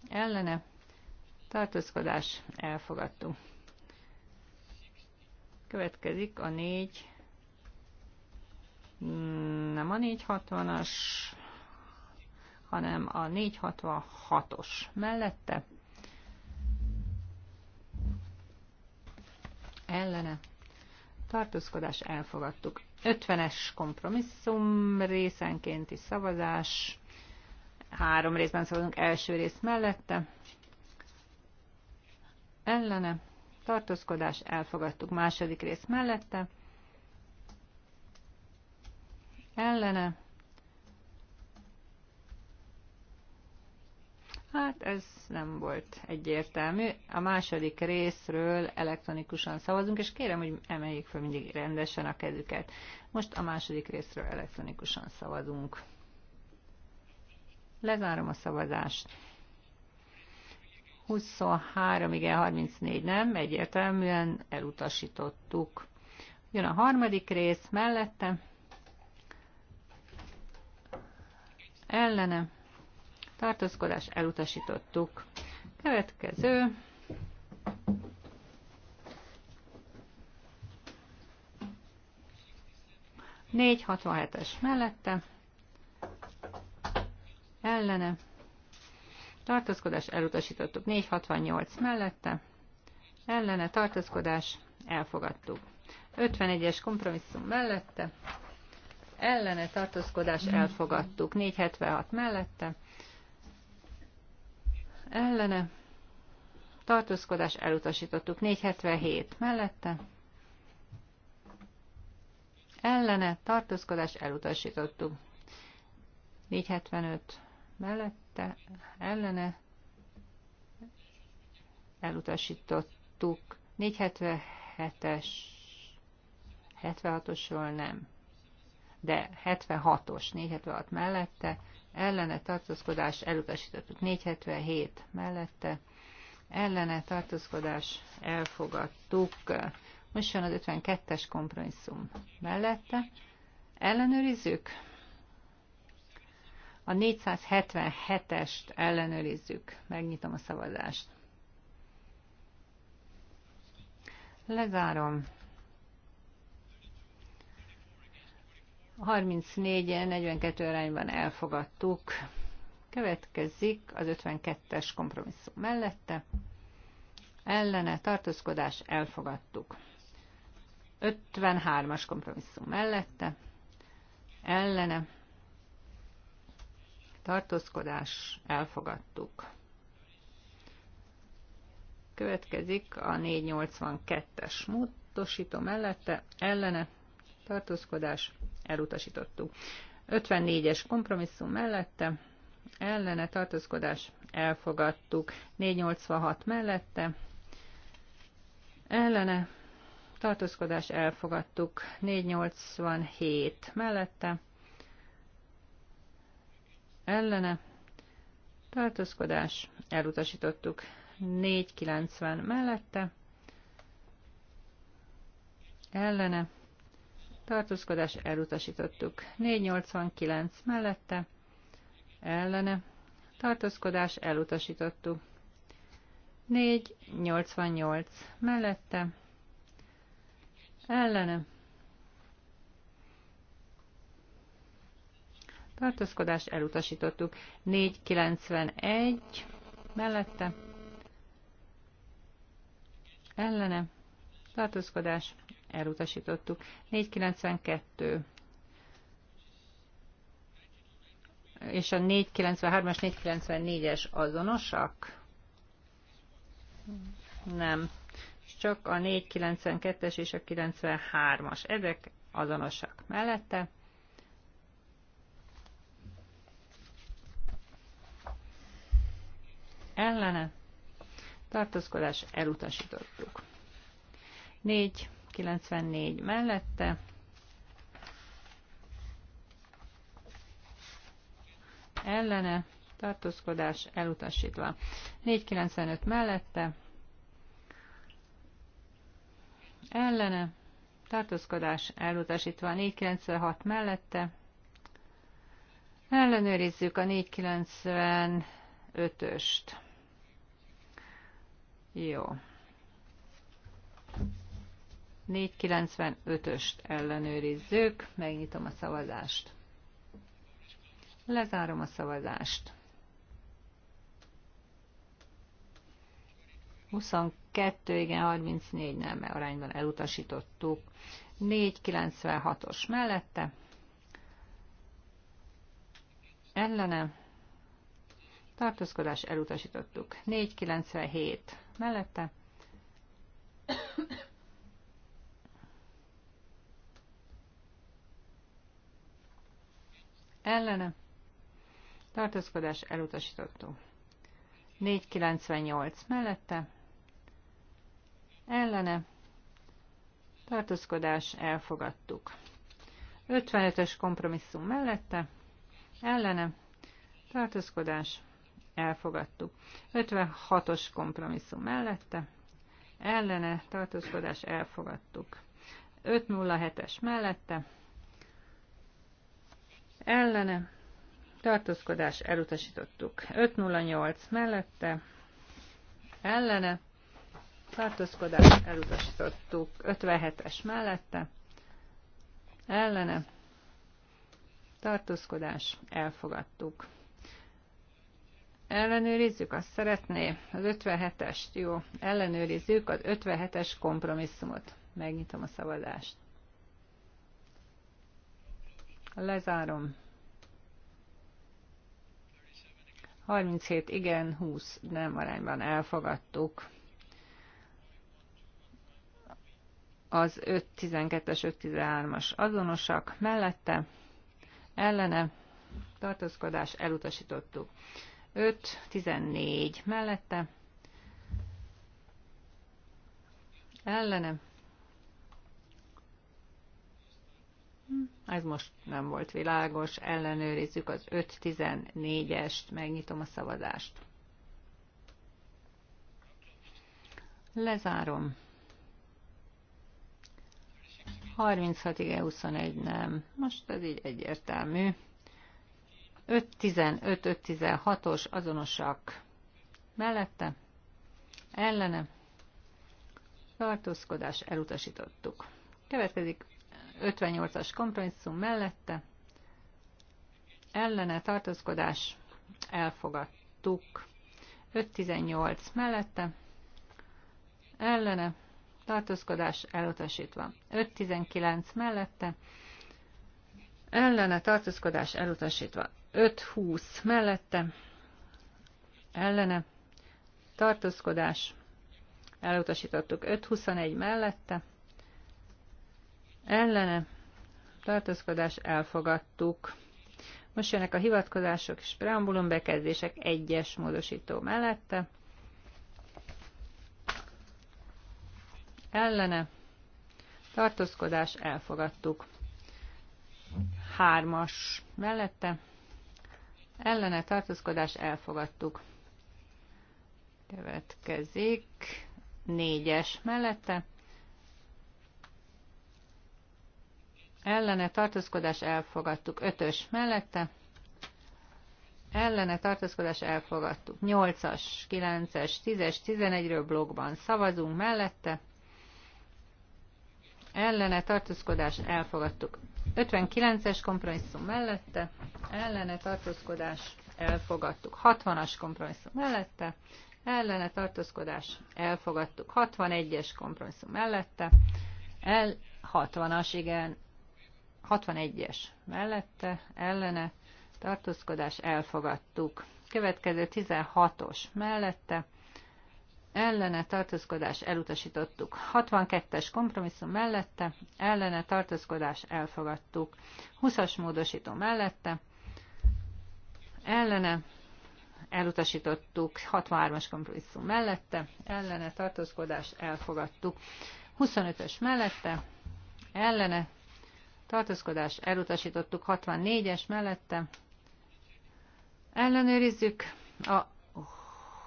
Ellene. Tartózkodás elfogadtuk. Következik a 4. Hmm, nem a 460-as, hanem a 466-os mellette ellene tartózkodás elfogadtuk. 50-es kompromisszum részenkénti szavazás. Három részben szavazunk első rész mellette. Ellene tartózkodás elfogadtuk második rész mellette. Ellene Hát ez nem volt egyértelmű. A második részről elektronikusan szavazunk, és kérem, hogy emeljék fel mindig rendesen a kezüket. Most a második részről elektronikusan szavazunk. Lezárom a szavazást. 23, igen, 34 nem, egyértelműen elutasítottuk. Jön a harmadik rész mellette. Ellenem tartózkodás elutasítottuk. Következő. Négy es mellette. Ellene. Tartózkodás elutasítottuk. 468 mellette. Ellene tartózkodás elfogadtuk. 51-es kompromisszum mellette. Ellene tartózkodás elfogadtuk. 476 mellette ellene tartózkodás elutasítottuk. 477 mellette ellene tartózkodás elutasítottuk. 475 mellette ellene elutasítottuk. 477-es 76-osról nem, de 76-os, 476 mellette ellene tartózkodás elutasítottuk. 477 mellette ellene tartózkodás elfogadtuk. Most jön az 52-es kompromisszum mellette. Ellenőrizzük. A 477-est ellenőrizzük. Megnyitom a szavazást. Lezárom. 34-42 arányban elfogadtuk. Következik az 52-es kompromisszum mellette. Ellene tartózkodás elfogadtuk. 53-as kompromisszum mellette. Ellene tartózkodás elfogadtuk. Következik a 482-es módosító mellette. Ellene tartózkodás elutasítottuk. 54-es kompromisszum mellette, ellene tartózkodás elfogadtuk. 486 mellette, ellene tartózkodás elfogadtuk. 487 mellette, ellene tartózkodás elutasítottuk. 490 mellette, ellene tartózkodás elutasítottuk. 489 mellette ellene tartózkodás elutasítottuk. 488 mellette ellene tartózkodás elutasítottuk. 491 mellette ellene tartózkodás elutasítottuk. 492 és a 493-as, 494-es azonosak? Nem. Csak a 492-es és a 93-as. Ezek azonosak. Mellette ellene tartózkodás elutasítottuk. 4. 94 mellette. Ellene, tartózkodás elutasítva. 495 mellette. Ellene, tartózkodás elutasítva. 496 mellette. Ellenőrizzük a 495-öst. Jó. 495-öst ellenőrizzük, megnyitom a szavazást. Lezárom a szavazást. 22, igen, 34 nem, arányban elutasítottuk. 496-os mellette. Ellene. Tartózkodás elutasítottuk. 497 mellette. ellene, tartózkodás elutasítottuk. 498 mellette, ellene, tartózkodás elfogadtuk. 55-ös kompromisszum mellette, ellene, tartózkodás elfogadtuk. 56-os kompromisszum mellette, ellene, tartózkodás elfogadtuk. 507-es mellette, ellene, tartózkodás elutasítottuk. 508 mellette, ellene, tartózkodás elutasítottuk. 57-es mellette, ellene, tartózkodás elfogadtuk. Ellenőrizzük, azt szeretné, az 57-est, jó, ellenőrizzük az 57-es kompromisszumot. Megnyitom a szavazást. Lezárom. 37 igen, 20 nem arányban elfogadtuk. Az 5.12-es, 5.13-as azonosak mellette, ellene, tartózkodás elutasítottuk. 5.14 mellette, ellene, Ez most nem volt világos. Ellenőrizzük az 5.14-est. Megnyitom a szavazást. Lezárom. 36 igen, 21 nem. Most ez így egyértelmű. 5-15-5-16-os azonosak mellette, ellene, tartózkodás elutasítottuk. Következik 58-as kompromisszum mellette ellene tartózkodás elfogadtuk. 518 mellette ellene tartózkodás elutasítva. 519 mellette ellene tartózkodás elutasítva. 520 mellette ellene tartózkodás elutasítottuk. 521 mellette ellene tartózkodás elfogadtuk. Most jönnek a hivatkozások és preambulum bekezdések egyes módosító mellette. Ellene tartózkodás elfogadtuk. Hármas mellette. Ellene tartózkodás elfogadtuk. Következik négyes mellette ellene tartózkodás elfogadtuk. Ötös mellette, ellene tartózkodás elfogadtuk. 8-as, 9-es, 10-es, 11-ről blogban szavazunk mellette. Ellene tartózkodás elfogadtuk. 59-es kompromisszum mellette, ellene tartózkodás elfogadtuk. 60-as kompromisszum mellette, ellene tartózkodás elfogadtuk. 61-es kompromisszum mellette, el 60-as, igen, 61-es mellette, ellene, tartózkodás elfogadtuk. Következő 16-os mellette, ellene tartózkodás elutasítottuk. 62-es kompromisszum mellette, ellene tartózkodás elfogadtuk. 20-as módosító mellette, ellene elutasítottuk. 63-as kompromisszum mellette, ellene tartózkodás elfogadtuk. 25-ös mellette, ellene tartózkodás elutasítottuk 64-es mellette. Ellenőrizzük a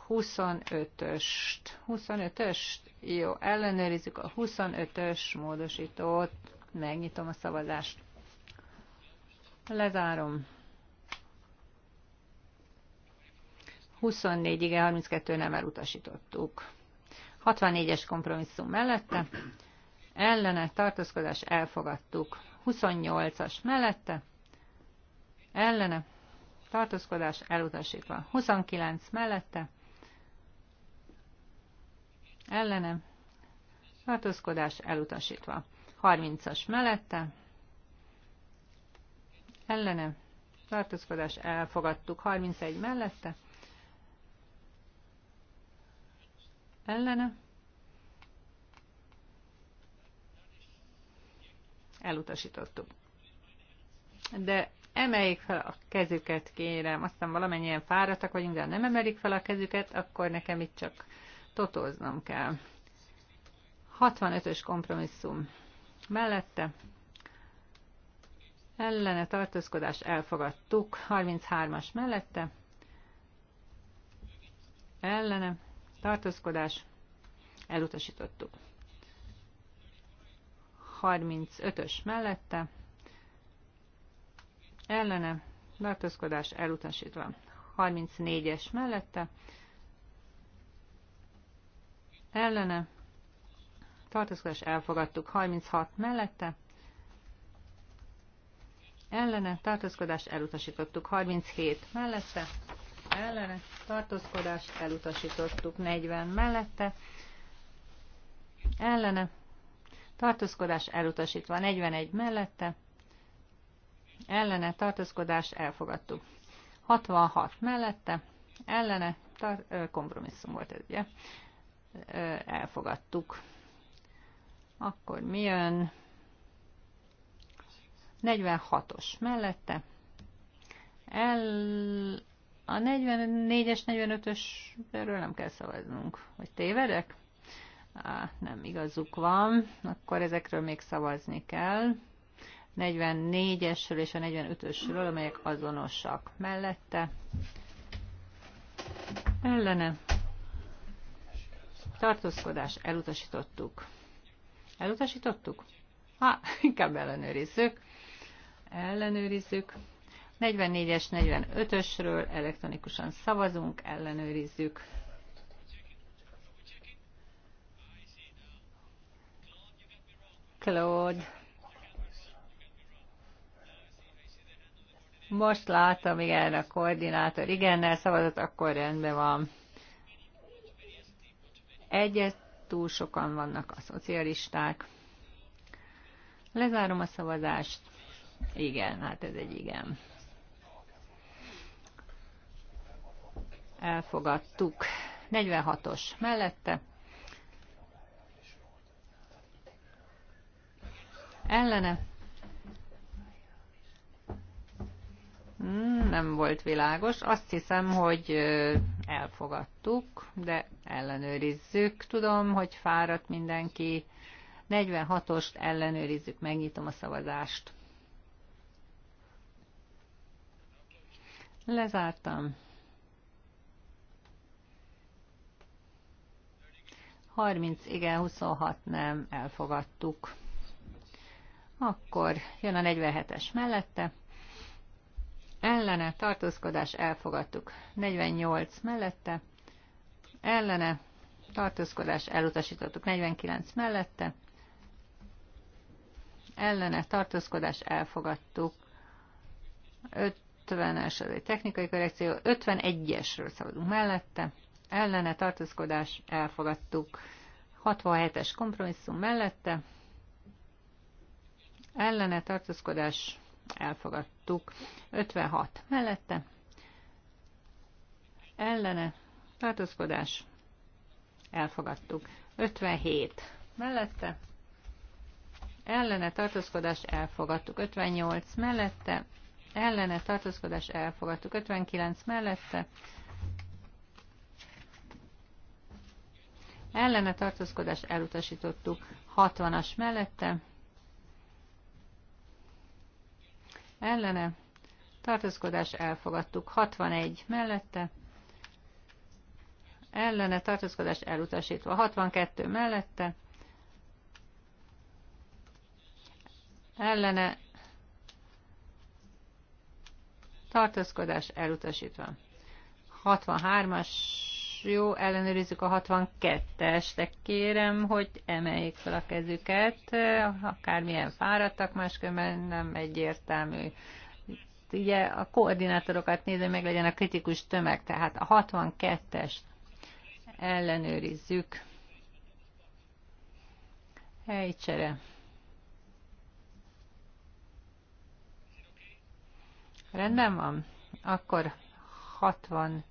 25-öst. 25-öst? Jó, ellenőrizzük a 25-ös módosítót. Megnyitom a szavazást. Lezárom. 24 igen, 32 nem elutasítottuk. 64-es kompromisszum mellette. Ellene tartózkodás elfogadtuk. 28-as mellette, ellene, tartózkodás elutasítva. 29 mellette, ellene, tartózkodás elutasítva. 30-as mellette, ellene, tartózkodás elfogadtuk. 31 mellette, ellene, elutasítottuk. De emeljék fel a kezüket, kérem. Aztán valamennyien fáradtak vagyunk, de ha nem emelik fel a kezüket, akkor nekem itt csak totoznom kell. 65-ös kompromisszum. Mellette ellene tartózkodás elfogadtuk. 33-as mellette ellene tartózkodás elutasítottuk. 35-ös mellette, ellene, tartózkodás elutasítva. 34-es mellette, ellene, tartózkodás elfogadtuk. 36 mellette, ellene, tartózkodás elutasítottuk. 37 mellette, ellene, tartózkodás elutasítottuk. 40 mellette, ellene, tartózkodás elutasítva. 41 mellette, ellene tartózkodás elfogadtuk. 66 mellette, ellene tar- kompromisszum volt ez, ugye? Elfogadtuk. Akkor mi jön? 46-os mellette. El... A 44-es, 45-ös, erről nem kell szavaznunk. Hogy tévedek? Á, nem igazuk van, akkor ezekről még szavazni kell. 44-esről és a 45-ösről, amelyek azonosak mellette. Ellene. Tartózkodás. Elutasítottuk. Elutasítottuk? Ha, [laughs] inkább ellenőrizzük. Ellenőrizzük. 44-es, 45-ösről elektronikusan szavazunk, ellenőrizzük. Claude. Most látom, igen, a koordinátor igennel szavazott, akkor rendben van. Egyet túl sokan vannak a szocialisták. Lezárom a szavazást. Igen, hát ez egy igen. Elfogadtuk. 46-os mellette. ellene. Hmm, nem volt világos. Azt hiszem, hogy elfogadtuk, de ellenőrizzük. Tudom, hogy fáradt mindenki. 46-ost ellenőrizzük, megnyitom a szavazást. Lezártam. 30 igen, 26 nem, elfogadtuk. Akkor jön a 47-es mellette. Ellene tartózkodás elfogadtuk. 48 mellette. Ellene tartózkodás elutasítottuk. 49 mellette. Ellene tartózkodás elfogadtuk. 50-es, ez egy technikai korrekció. 51-esről szabadunk mellette. Ellene tartózkodás elfogadtuk. 67-es kompromisszum mellette ellene tartózkodás elfogadtuk. 56 mellette ellene tartózkodás elfogadtuk. 57 mellette ellene tartózkodás elfogadtuk. 58 mellette ellene tartózkodás elfogadtuk. 59 mellette ellene tartózkodás elutasítottuk. 60-as mellette ellene, tartózkodás elfogadtuk. 61 mellette, ellene, tartózkodás elutasítva. 62 mellette, ellene, tartózkodás elutasítva. 63-as jó, ellenőrizzük a 62-es, de kérem, hogy emeljék fel a kezüket, akármilyen fáradtak, máskülönben nem egyértelmű. Ugye a koordinátorokat nézve meg legyen a kritikus tömeg, tehát a 62-es ellenőrizzük. Helycsere. Rendben van? Akkor 60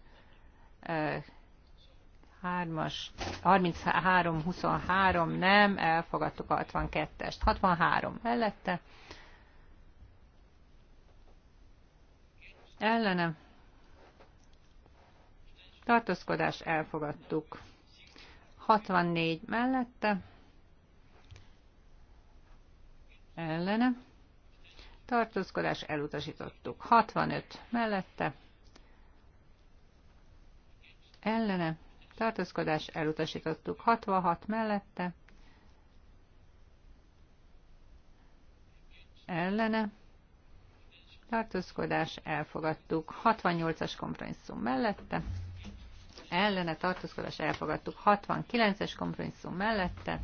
33 as 33, 23 nem, elfogadtuk a 62-est. 63 mellette. Ellenem. Tartózkodás elfogadtuk. 64 mellette. Ellenem. Tartózkodás elutasítottuk. 65 mellette. Ellenem tartózkodás elutasítottuk. 66 mellette, ellene, tartózkodás elfogadtuk. 68-as kompromisszum mellette, ellene, tartózkodás elfogadtuk. 69-es kompromisszum mellette,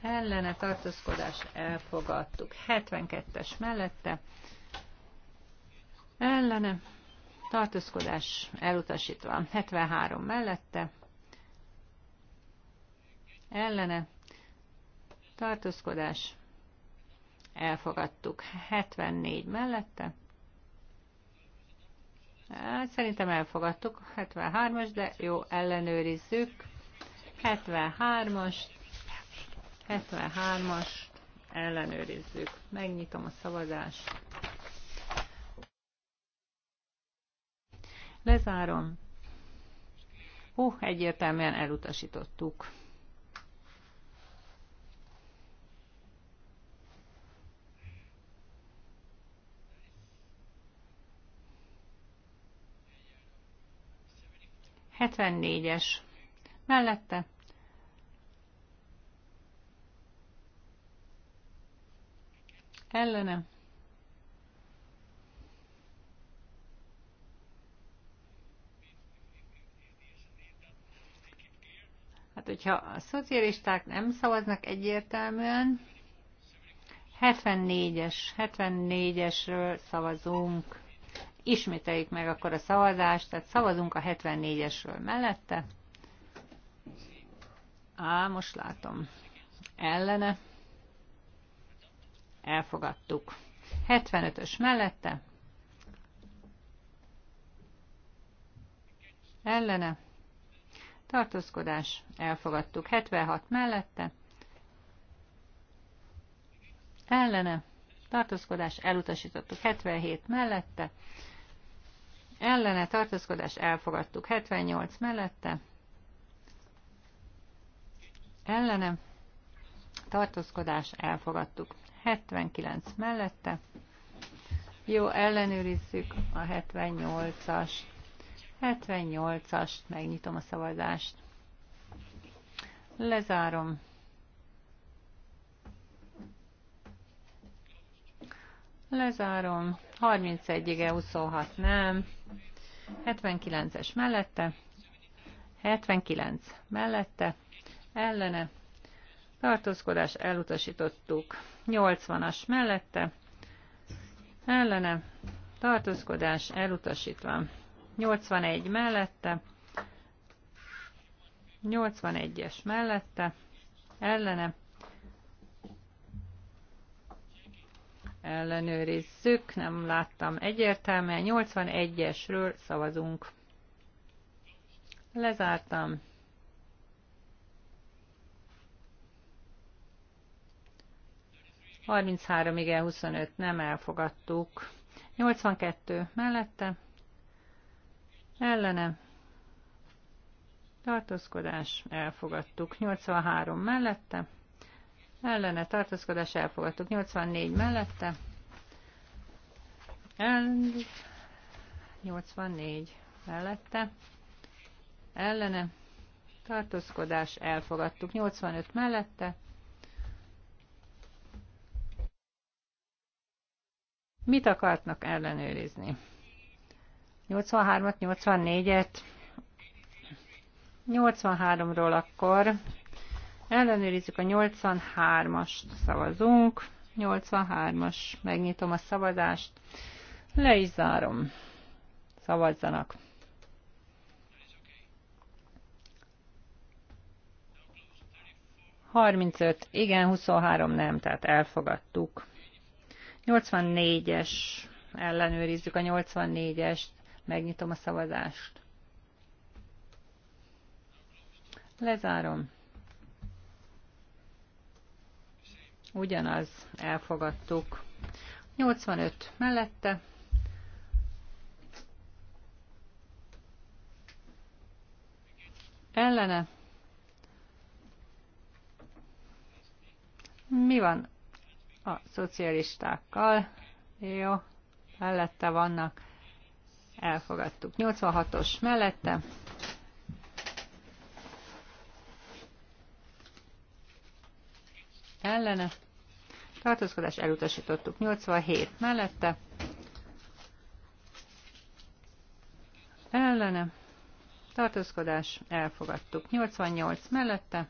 ellene, tartózkodás elfogadtuk. 72-es mellette, ellene, tartózkodás elutasítva. 73 mellette, ellene tartózkodás elfogadtuk. 74 mellette hát, Szerintem elfogadtuk 73-as, de jó, ellenőrizzük. 73-as, 73-as, ellenőrizzük. Megnyitom a szavazást. Lezárom. Hú, egyértelműen elutasítottuk. 74-es mellette. Ellene. Hát, hogyha a szocialisták nem szavaznak egyértelműen, 74-es, 74-esről szavazunk. Ismételjük meg akkor a szavazást, tehát szavazunk a 74-esről mellette. Á, most látom. Ellene. Elfogadtuk. 75-ös mellette. Ellene. Tartózkodás. Elfogadtuk. 76 mellette. Ellene. Tartózkodás. Elutasítottuk. 77 mellette ellene tartózkodás elfogadtuk. 78 mellette ellene tartózkodás elfogadtuk. 79 mellette. Jó, ellenőrizzük a 78-as. 78 as megnyitom a szavazást. Lezárom. Lezárom. 31-ige, 26 nem. 79-es mellette, 79 mellette, ellene, tartózkodás elutasítottuk. 80-as mellette, ellene, tartózkodás elutasítva. 81 mellette, 81-es mellette, ellene, ellenőrizzük, nem láttam egyértelműen. 81-esről szavazunk. Lezártam. Harminchárom igen, 25 nem elfogadtuk. 82 mellette. Ellene. Tartózkodás elfogadtuk. 83 mellette ellene tartózkodás elfogadtuk. 84 mellette, ellen 84 mellette, ellene tartózkodás elfogadtuk. 85 mellette, Mit akartnak ellenőrizni? 83-at, 84-et. 83-ról akkor Ellenőrizzük a 83-ast, szavazunk. 83-as, megnyitom a szavazást. Le is zárom. Szavazzanak. Harmincöt, igen, 23 nem, tehát elfogadtuk. 84-es, ellenőrizzük a 84-est, megnyitom a szavazást. Lezárom. ugyanaz, elfogadtuk. 85 mellette, ellene. Mi van a szocialistákkal? Jó, mellette vannak. Elfogadtuk. 86-os mellette. ellene, tartózkodás elutasítottuk 87 mellette, ellene, tartózkodás elfogadtuk 88 mellette,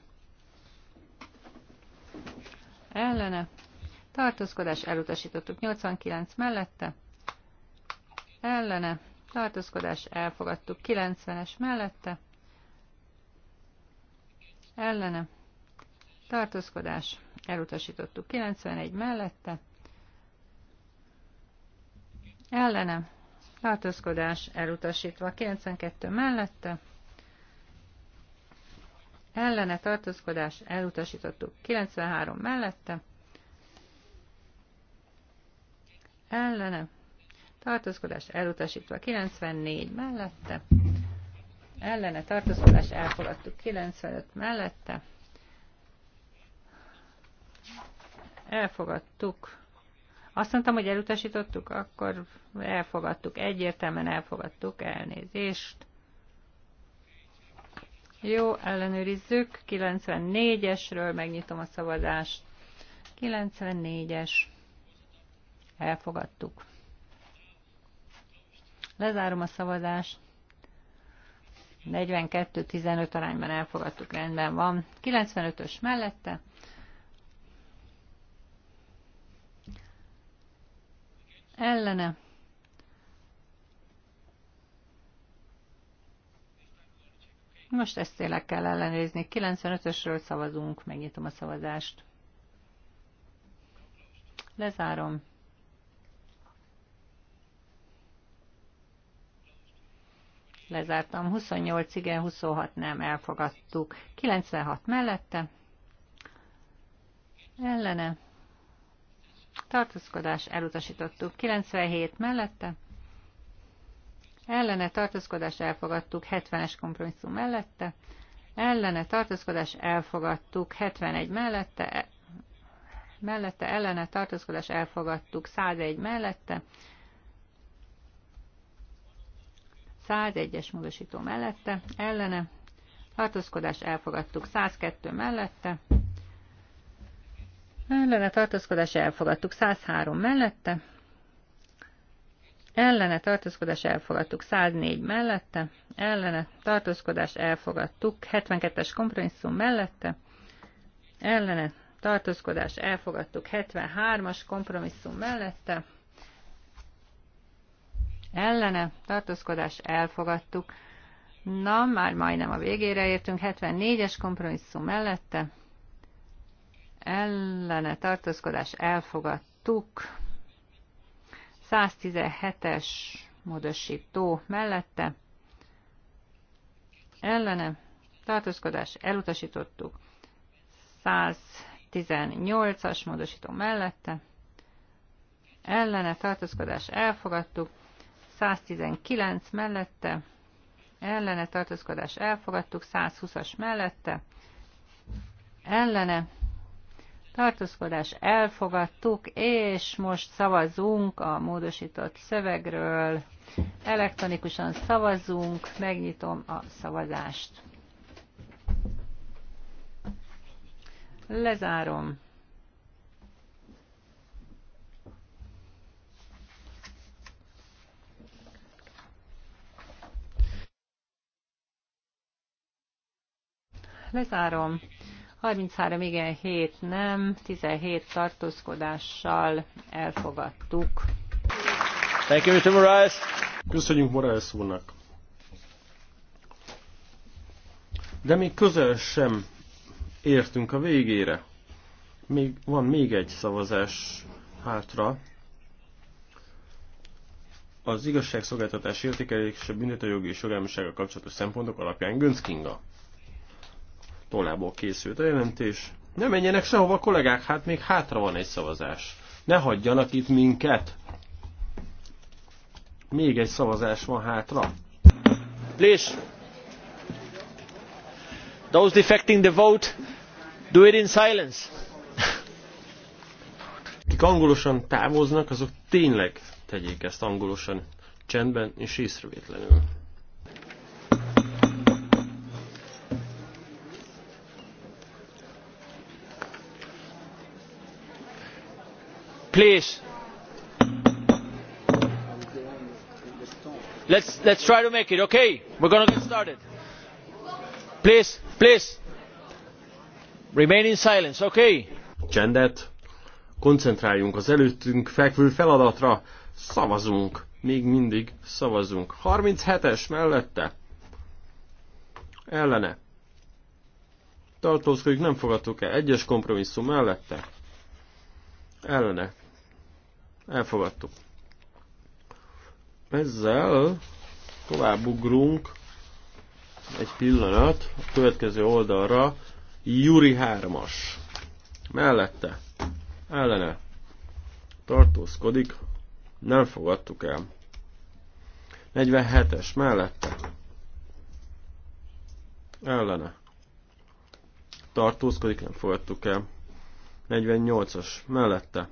ellene, tartózkodás elutasítottuk 89 mellette, ellene, tartózkodás elfogadtuk 90-es mellette, ellene, tartózkodás elutasítottuk 91 mellette, ellene, tartózkodás elutasítva 92 mellette, ellene tartózkodás elutasítottuk 93 mellette, ellene tartózkodás elutasítva 94 mellette, ellene tartózkodás elfogadtuk 95 mellette, Elfogadtuk. Azt mondtam, hogy elutasítottuk, akkor elfogadtuk. Egyértelműen elfogadtuk elnézést. Jó, ellenőrizzük. 94-esről megnyitom a szavazást. 94-es. Elfogadtuk. Lezárom a szavazást. 42-15 arányban elfogadtuk, rendben van. 95-ös mellette, ellene. Most ezt tényleg kell ellenőrizni. 95-ösről szavazunk, megnyitom a szavazást. Lezárom. Lezártam. 28 igen, 26 nem, elfogadtuk. 96 mellette. Ellene tartózkodás elutasítottuk. 97 mellette, ellene tartózkodás elfogadtuk. 70-es kompromisszum mellette, ellene tartózkodás elfogadtuk. 71 mellette, e- mellette ellene tartózkodás elfogadtuk. 101 mellette, 101-es módosító mellette, ellene, tartózkodás elfogadtuk 102 mellette, Ellene tartózkodás elfogadtuk 103 mellette. Ellene tartózkodás elfogadtuk 104 mellette. Ellene tartózkodás elfogadtuk 72-es kompromisszum mellette. Ellene tartózkodás elfogadtuk 73-as kompromisszum mellette. Ellene tartózkodás elfogadtuk. Na, már majdnem a végére értünk, 74-es kompromisszum mellette ellene tartózkodás elfogadtuk. 117-es módosító mellette ellene tartózkodás elutasítottuk. 118-as módosító mellette ellene tartózkodás elfogadtuk. 119 mellette ellene tartózkodás elfogadtuk. 120-as mellette ellene tartózkodás elfogadtuk, és most szavazunk a módosított szövegről. Elektronikusan szavazunk, megnyitom a szavazást. Lezárom. Lezárom. 33 igen, 7 nem, 17 tartózkodással elfogadtuk. Thank you, Mr. Morales. Köszönjük Morales úrnak. De még közel sem értünk a végére. Még, van még egy szavazás hátra. Az igazságszolgáltatás értékelés és a büntetőjogi és jogállamisága kapcsolatos szempontok alapján Gönc Kinga tollából készült a jelentés. Ne menjenek sehova, kollégák, hát még hátra van egy szavazás. Ne hagyjanak itt minket. Még egy szavazás van hátra. Please. Those defecting the vote, do it in silence. [laughs] Akik angolosan távoznak, azok tényleg tegyék ezt angolosan, csendben és észrevétlenül. please let's let's try to make it okay we're going to get started please please remain in silence okay csendet koncentráljunk az előttünk fekvő feladatra szavazunk még mindig szavazunk 37-es mellette ellene tartózkodik, nem fogadtuk el. Egyes kompromisszum mellette. Ellene. Elfogadtuk. Ezzel továbbugrunk egy pillanat a következő oldalra. Juri 3-as. Mellette. Ellene. Tartózkodik. Nem fogadtuk el. 47-es. Mellette. Ellene. Tartózkodik. Nem fogadtuk el. 48-as. Mellette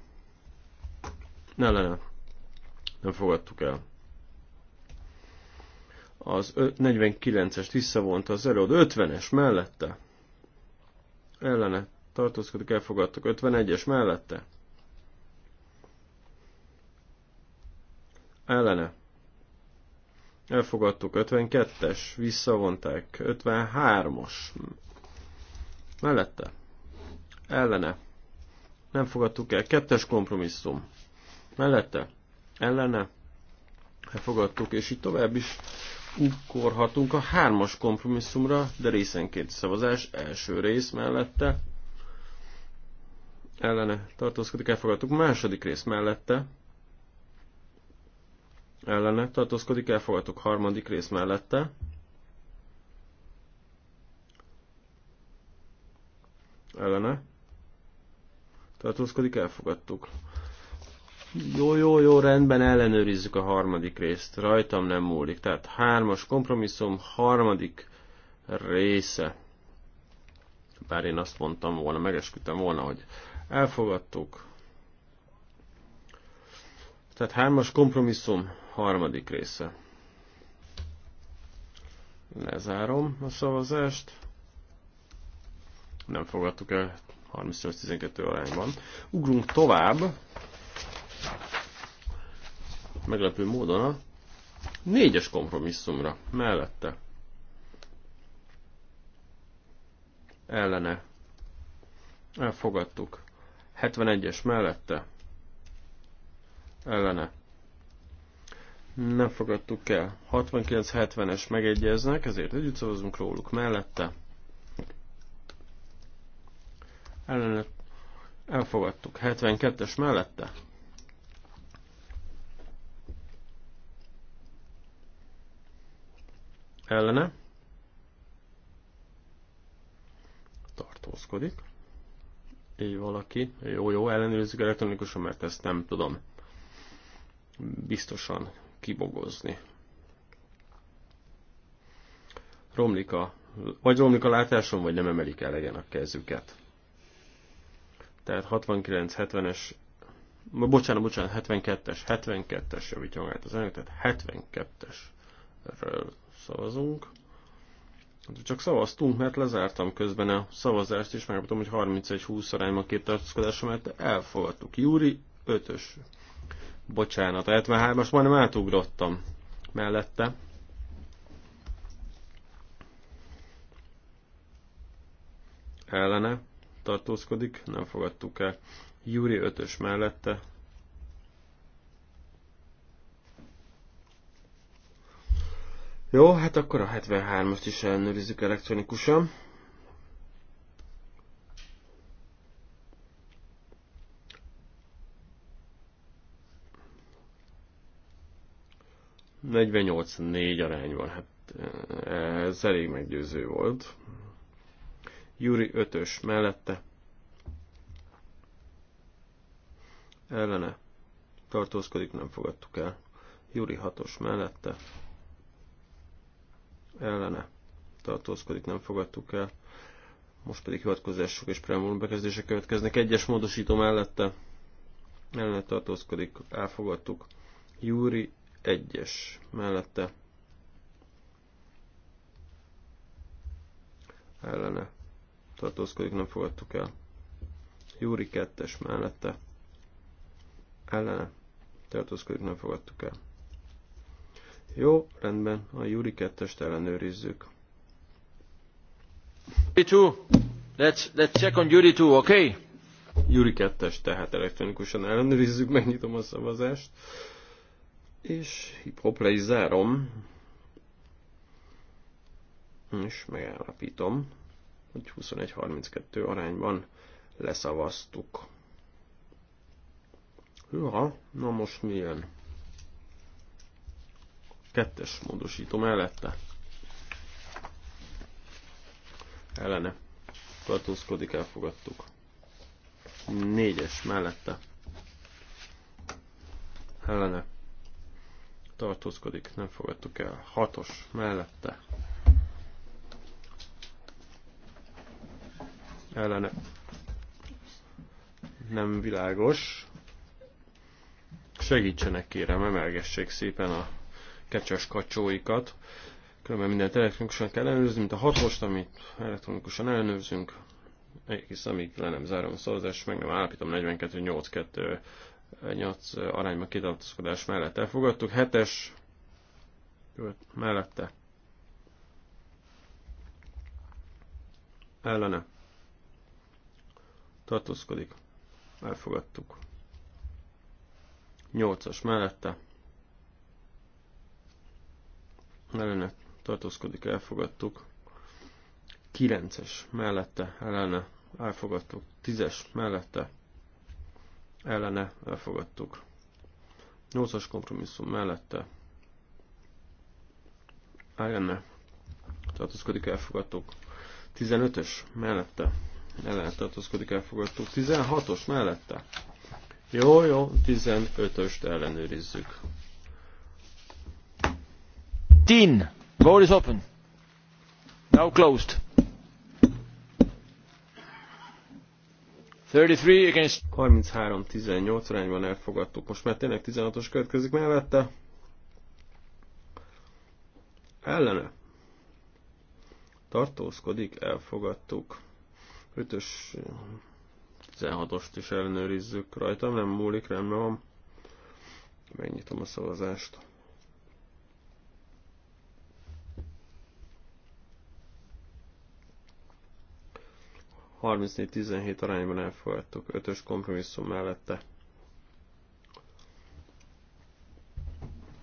ne, ne, ne. Nem fogadtuk el. Az 49-est visszavonta az előadó. 50-es mellette. Ellene. Tartózkodik, elfogadtuk. 51-es mellette. Ellene. Elfogadtuk 52-es, visszavonták 53-os. Mellette. Ellene. Nem fogadtuk el. Kettes kompromisszum mellette, ellene, elfogadtuk, és így tovább is ugorhatunk a hármas kompromisszumra, de részenként szavazás, első rész mellette, ellene tartózkodik, elfogadtuk, második rész mellette, ellene tartózkodik, elfogadtuk, harmadik rész mellette, ellene tartózkodik, elfogadtuk. Jó, jó, jó, rendben, ellenőrizzük a harmadik részt. Rajtam nem múlik. Tehát hármas kompromisszum, harmadik része. Bár én azt mondtam volna, megesküdtem volna, hogy elfogadtuk. Tehát hármas kompromisszum, harmadik része. Lezárom a szavazást. Nem fogadtuk el 38-12 arányban. Ugrunk tovább meglepő módon a négyes kompromisszumra mellette. Ellene. Elfogadtuk. 71-es mellette. Ellene. Nem fogadtuk el. 69-70-es megegyeznek, ezért együtt szavazunk róluk mellette. Ellene. Elfogadtuk. 72-es mellette. ellene tartózkodik. Így valaki, jó, jó, ellenőrizzük elektronikusan, mert ezt nem tudom biztosan kibogozni. Romlik a, vagy romlik a látásom, vagy nem emelik elegen a kezüket. Tehát 69-70-es, bocsánat, bocsánat, 72-es, 72-es javítja magát az elnök, tehát 72-esről Szavazunk. Csak szavaztunk, mert lezártam közben a szavazást, és megmutatom, hogy 31-20 arányban két tartózkodásra, mert elfogadtuk. Júri 5-ös. Bocsánat, a hát 73-as majdnem átugrottam mellette. Ellene tartózkodik, nem fogadtuk el. Júri 5-ös mellette Jó, hát akkor a 73-ast is ellenőrizzük elektronikusan. négy van, hát eh, ez elég meggyőző volt. Júri 5-ös mellette. Ellene tartózkodik, nem fogadtuk el. Júri 6-os mellette ellene tartózkodik, nem fogadtuk el. Most pedig hivatkozások és preambulum bekezdések következnek. Egyes módosító mellette ellene tartózkodik, elfogadtuk. Júri egyes mellette ellene tartózkodik, nem fogadtuk el. Júri kettes mellette ellene tartózkodik, nem fogadtuk el. Jó, rendben, a Júri kettest ellenőrizzük. Júri 2, let's, let's check on Júri 2, okay? Júri 2 tehát elektronikusan ellenőrizzük, megnyitom a szavazást. És hip-hop le is zárom. És megállapítom, hogy 21-32 arányban leszavaztuk. Hűha, na most milyen? Kettes módosító mellette. Ellene. Tartózkodik, elfogadtuk. Négyes mellette. Ellene. Tartózkodik, nem fogadtuk el. Hatos mellette. Ellene. Nem világos segítsenek kérem, emelgessék szépen a kecses kacsóikat. Különben mindent elektronikusan kell ellenőrizni, mint a hatost, amit elektronikusan ellenőrzünk. Egy kis amíg le nem zárom a szavazást, meg nem állapítom 42 82 8 arányban kitartozkodás mellett elfogadtuk. 7-es mellette. Ellene. Tartózkodik. Elfogadtuk. 8-as mellette ellene tartózkodik, elfogadtuk. 9-es mellette ellene elfogadtuk. 10-es mellette ellene elfogadtuk. 8-as kompromisszum mellette ellene tartózkodik, elfogadtuk. 15-ös mellette ellene tartózkodik, elfogadtuk. 16-os mellette. Jó, jó, 15-öst ellenőrizzük eighteen vote is open now closed thirty three against thirty three eighteen arányban elfogadtuk most már tényleg sixteen os következik mellette ellene tartózkodik elfogadtuk 5-ös 16-ost is ellenőrizzük rajtam, nem múlik, rendben van. Megnyitom a szavazást. 34-17 arányban elfogadtuk, ötös kompromisszum mellette.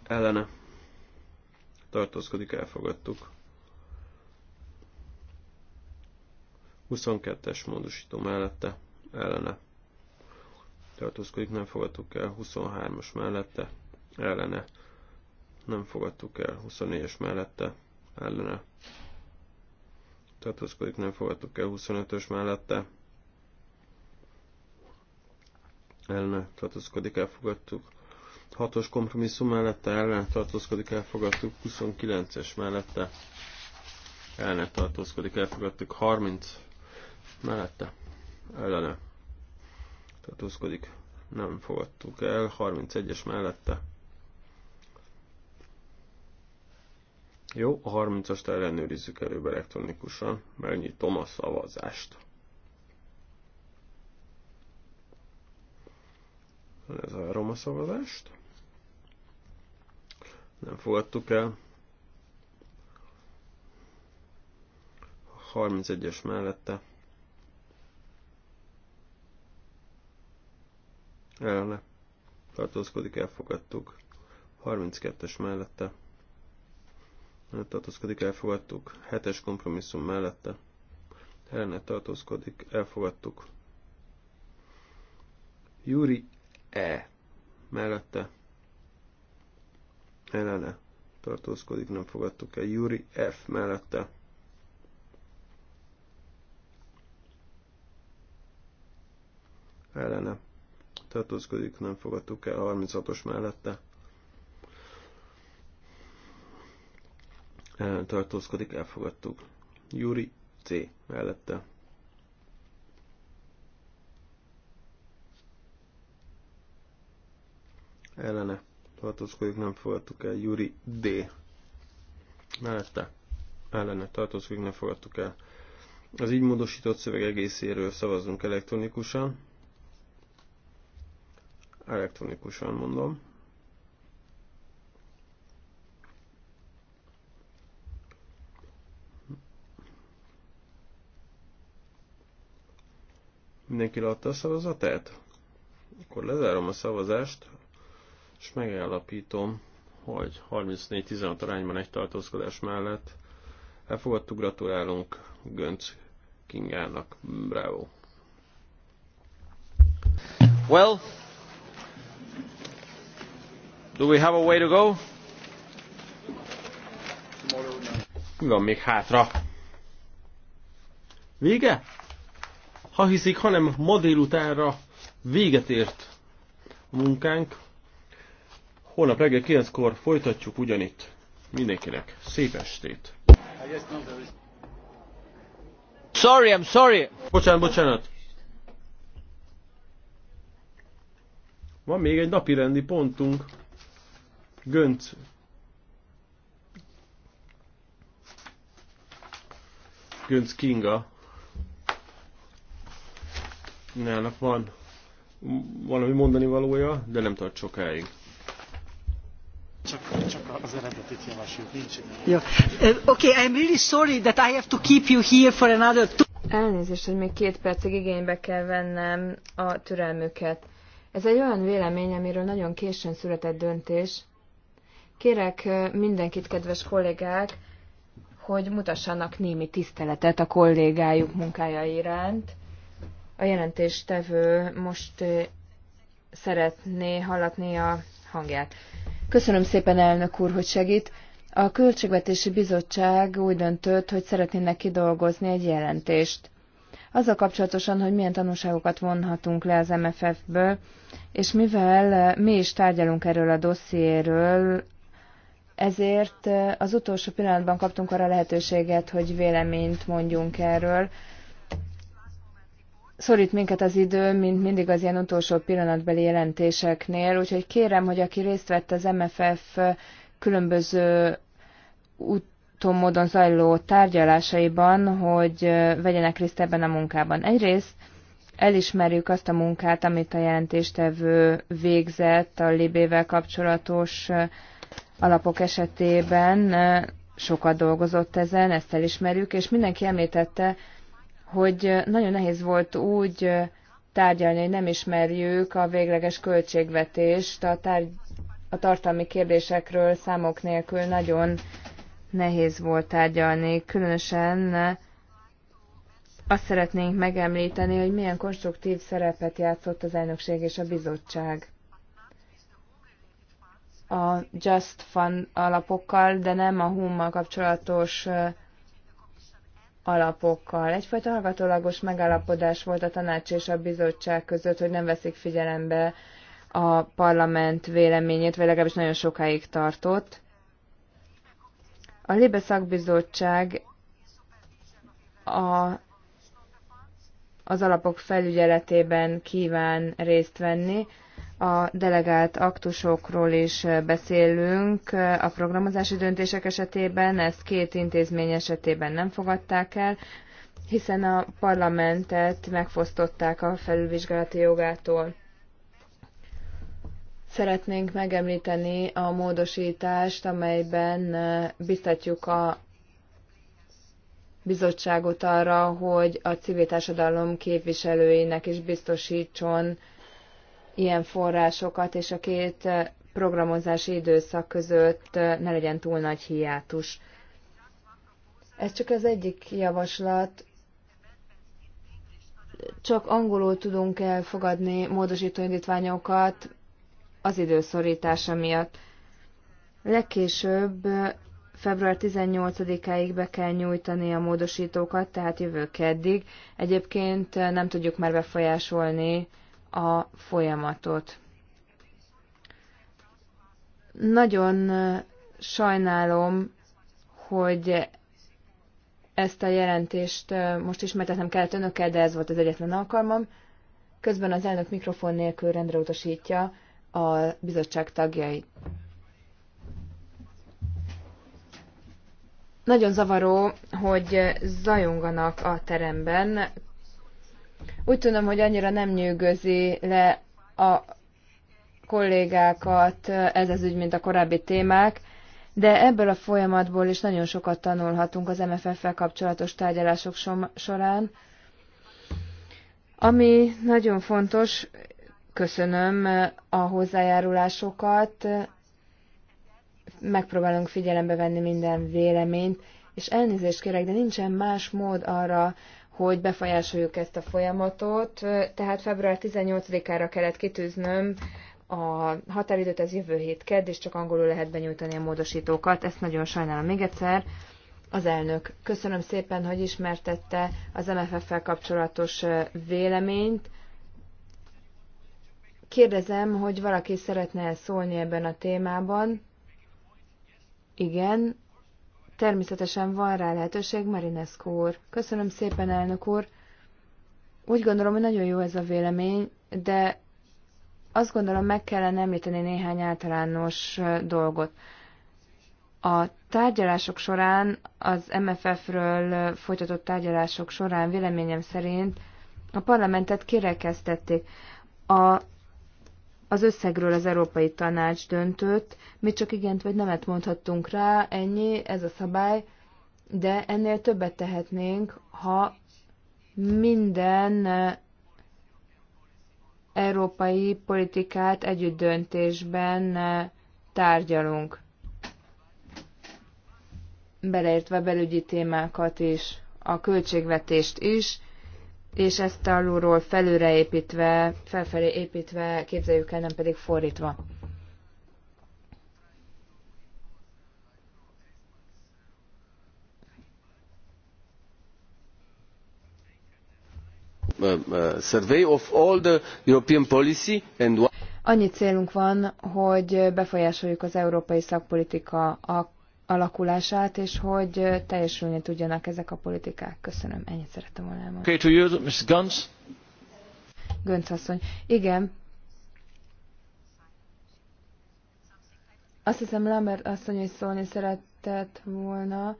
Ellene tartózkodik, elfogadtuk. 22-es módosító mellette, ellene tartózkodik, nem fogadtuk el, 23-as mellette, ellene, nem fogadtuk el, 24-es mellette, ellene, tartózkodik, nem fogadtuk el 25-ös mellette. Ellene tartózkodik, elfogadtuk. 6-os kompromisszum mellette ellene tartózkodik, elfogadtuk. 29-es mellette ellene tartózkodik, elfogadtuk. 30 mellette ellene tartózkodik, nem fogadtuk el. 31-es mellette Jó, a 30-ast ellenőrizzük előbb elektronikusan. Megnyitom a szavazást. Ez a szavazást. Nem fogadtuk el. a 31-es mellette. Ellene. Tartózkodik, elfogadtuk. 32-es mellette tartózkodik, elfogadtuk. Hetes kompromisszum mellette ellene tartózkodik, elfogadtuk. Júri E mellette ellene tartózkodik, nem fogadtuk el. Júri F mellette ellene tartózkodik, nem fogadtuk el. 36-os mellette tartózkodik, elfogadtuk. Júri C. mellette. Ellene tartózkodik, nem fogadtuk el. Júri D. mellette. Ellene tartózkodik, nem fogadtuk el. Az így módosított szöveg egészéről szavazunk elektronikusan. Elektronikusan mondom. Mindenki leadta a szavazatát? Akkor lezárom a szavazást, és megállapítom, hogy 34-16 arányban egy tartózkodás mellett elfogadtuk, gratulálunk Gönc Kingának. Bravo! Well, do we have a way to go? Mi van még hátra? Vége? ha hiszik, hanem ma délutánra véget ért a munkánk. Holnap reggel 9-kor folytatjuk ugyanitt. Mindenkinek szép estét! Sorry, I'm sorry! Bocsánat, bocsánat! Van még egy napi rendi pontunk. Gönc. Gönc Kinga nának van valami mondani valója, de nem tart sokáig. Csak, csak az eredetit javasljuk, nincs Jó. Eh, okay, I'm really sorry that I have to keep you here for another two... Elnézést, hogy még két percig igénybe kell vennem a türelmüket. Ez egy olyan vélemény, amiről nagyon későn született döntés. Kérek eh, mindenkit, kedves kollégák, hogy mutassanak némi tiszteletet a kollégájuk munkája iránt. A jelentéstevő most eh, szeretné hallatni a hangját. Köszönöm szépen, elnök úr, hogy segít. A Költségvetési Bizottság úgy döntött, hogy szeretnének kidolgozni egy jelentést. Azzal kapcsolatosan, hogy milyen tanulságokat vonhatunk le az MFF-ből, és mivel eh, mi is tárgyalunk erről a dossziéről, ezért eh, az utolsó pillanatban kaptunk arra lehetőséget, hogy véleményt mondjunk erről szorít minket az idő, mint mindig az ilyen utolsó pillanatbeli jelentéseknél, úgyhogy kérem, hogy aki részt vett az MFF különböző úton módon zajló tárgyalásaiban, hogy vegyenek részt ebben a munkában. Egyrészt elismerjük azt a munkát, amit a jelentéstevő végzett a libével kapcsolatos alapok esetében, sokat dolgozott ezen, ezt elismerjük, és mindenki említette, hogy nagyon nehéz volt úgy tárgyalni, hogy nem ismerjük a végleges költségvetést, a, tárgy, a tartalmi kérdésekről számok nélkül nagyon nehéz volt tárgyalni, különösen azt szeretnénk megemlíteni, hogy milyen konstruktív szerepet játszott az elnökség és a bizottság a Just Fund alapokkal, de nem a hum kapcsolatos alapokkal. Egyfajta hallgatólagos megállapodás volt a tanács és a bizottság között, hogy nem veszik figyelembe a parlament véleményét, vagy legalábbis nagyon sokáig tartott. A Libe szakbizottság a, az alapok felügyeletében kíván részt venni, a delegált aktusokról is beszélünk. A programozási döntések esetében ezt két intézmény esetében nem fogadták el, hiszen a parlamentet megfosztották a felülvizsgálati jogától. Szeretnénk megemlíteni a módosítást, amelyben biztatjuk a bizottságot arra, hogy a civil társadalom képviselőinek is biztosítson ilyen forrásokat, és a két programozási időszak között ne legyen túl nagy hiátus. Ez csak az egyik javaslat. Csak angolul tudunk elfogadni módosító indítványokat az időszorítása miatt. Legkésőbb február 18-áig be kell nyújtani a módosítókat, tehát jövő keddig. Egyébként nem tudjuk már befolyásolni a folyamatot. Nagyon sajnálom, hogy ezt a jelentést most ismertetnem kellett önökkel, de ez volt az egyetlen alkalmam. Közben az elnök mikrofon nélkül rendre utasítja a bizottság tagjait. Nagyon zavaró, hogy zajonganak a teremben, úgy tudom, hogy annyira nem nyűgözi le a kollégákat ez az ügy, mint a korábbi témák, de ebből a folyamatból is nagyon sokat tanulhatunk az MFF-fel kapcsolatos tárgyalások során. Ami nagyon fontos, köszönöm a hozzájárulásokat, megpróbálunk figyelembe venni minden véleményt, és elnézést kérek, de nincsen más mód arra, hogy befolyásoljuk ezt a folyamatot. Tehát február 18-ára kellett kitűznöm a határidőt, ez jövő hét kedd, és csak angolul lehet benyújtani a módosítókat. Ezt nagyon sajnálom még egyszer. Az elnök, köszönöm szépen, hogy ismertette az MFF-fel kapcsolatos véleményt. Kérdezem, hogy valaki szeretne szólni ebben a témában. Igen, Természetesen van rá lehetőség, Marinescu úr. Köszönöm szépen, elnök úr. Úgy gondolom, hogy nagyon jó ez a vélemény, de azt gondolom, meg kellene említeni néhány általános dolgot. A tárgyalások során, az MFF-ről folytatott tárgyalások során véleményem szerint a parlamentet kirekesztették. A az összegről az Európai Tanács döntött, mi csak igent vagy nemet mondhattunk rá, ennyi, ez a szabály, de ennél többet tehetnénk, ha minden eh, európai politikát együtt döntésben eh, tárgyalunk, beleértve belügyi témákat is, a költségvetést is, és ezt alulról felülre építve, felfelé építve képzeljük el, nem pedig fordítva. survey of all the European policy and Annyi célunk van, hogy befolyásoljuk az európai szakpolitika alakulását, és hogy teljesülni tudjanak ezek a politikák. Köszönöm, ennyit szerettem volna elmondani. Okay, to you, Guns. Gönc asszony. Igen. Azt hiszem, Lambert asszony is szólni szeretett volna,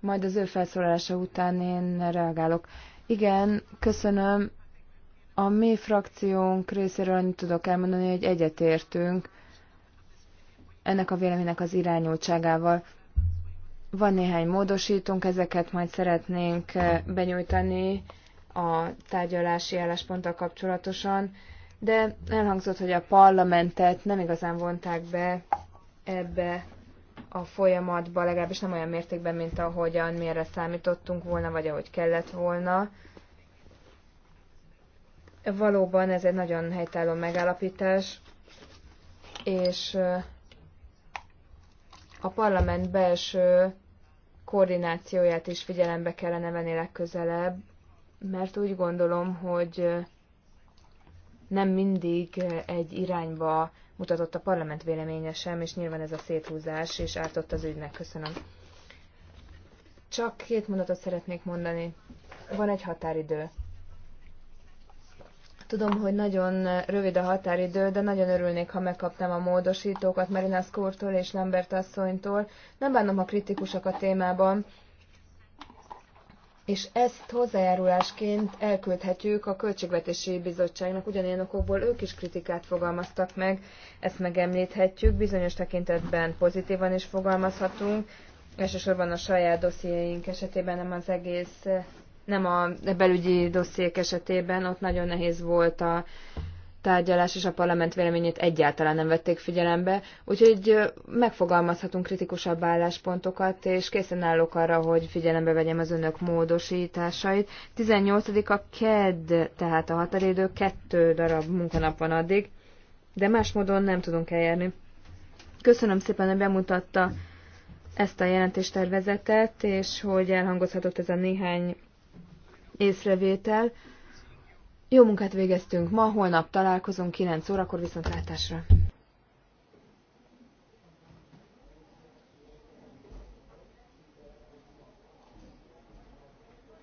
majd az ő felszólalása után én reagálok. Igen, köszönöm. A mi frakciónk részéről annyit tudok elmondani, hogy egyetértünk ennek a véleménynek az irányultságával. Van néhány módosítunk, ezeket majd szeretnénk eh, benyújtani a tárgyalási állásponttal kapcsolatosan, de elhangzott, hogy a parlamentet nem igazán vonták be ebbe a folyamatba, legalábbis nem olyan mértékben, mint ahogyan mi erre számítottunk volna, vagy ahogy kellett volna. Valóban ez egy nagyon helytálló megállapítás, és eh, a parlament belső koordinációját is figyelembe kellene venni legközelebb, mert úgy gondolom, hogy nem mindig egy irányba mutatott a parlament véleménye sem, és nyilván ez a széthúzás és ártott az ügynek. Köszönöm. Csak két mondatot szeretnék mondani. Van egy határidő. Tudom, hogy nagyon rövid a határidő, de nagyon örülnék, ha megkaptam a módosítókat Marina Skortól és Lambert asszonytól. Nem bánom, a kritikusok a témában, és ezt hozzájárulásként elküldhetjük a Költségvetési Bizottságnak, ugyanilyen okokból ők is kritikát fogalmaztak meg, ezt megemlíthetjük, bizonyos tekintetben pozitívan is fogalmazhatunk, elsősorban a saját dossziéink esetében, nem az egész nem a belügyi dossziék esetében, ott nagyon nehéz volt a tárgyalás, és a parlament véleményét egyáltalán nem vették figyelembe, úgyhogy megfogalmazhatunk kritikusabb álláspontokat, és készen állok arra, hogy figyelembe vegyem az önök módosításait. 18. a KED, tehát a határidő, kettő darab munkanap van addig, de más módon nem tudunk eljárni. Köszönöm szépen, hogy bemutatta ezt a jelentéstervezetet, és hogy elhangozhatott ez a néhány észrevétel. Jó munkát végeztünk ma, holnap találkozunk 9 órakor viszontlátásra.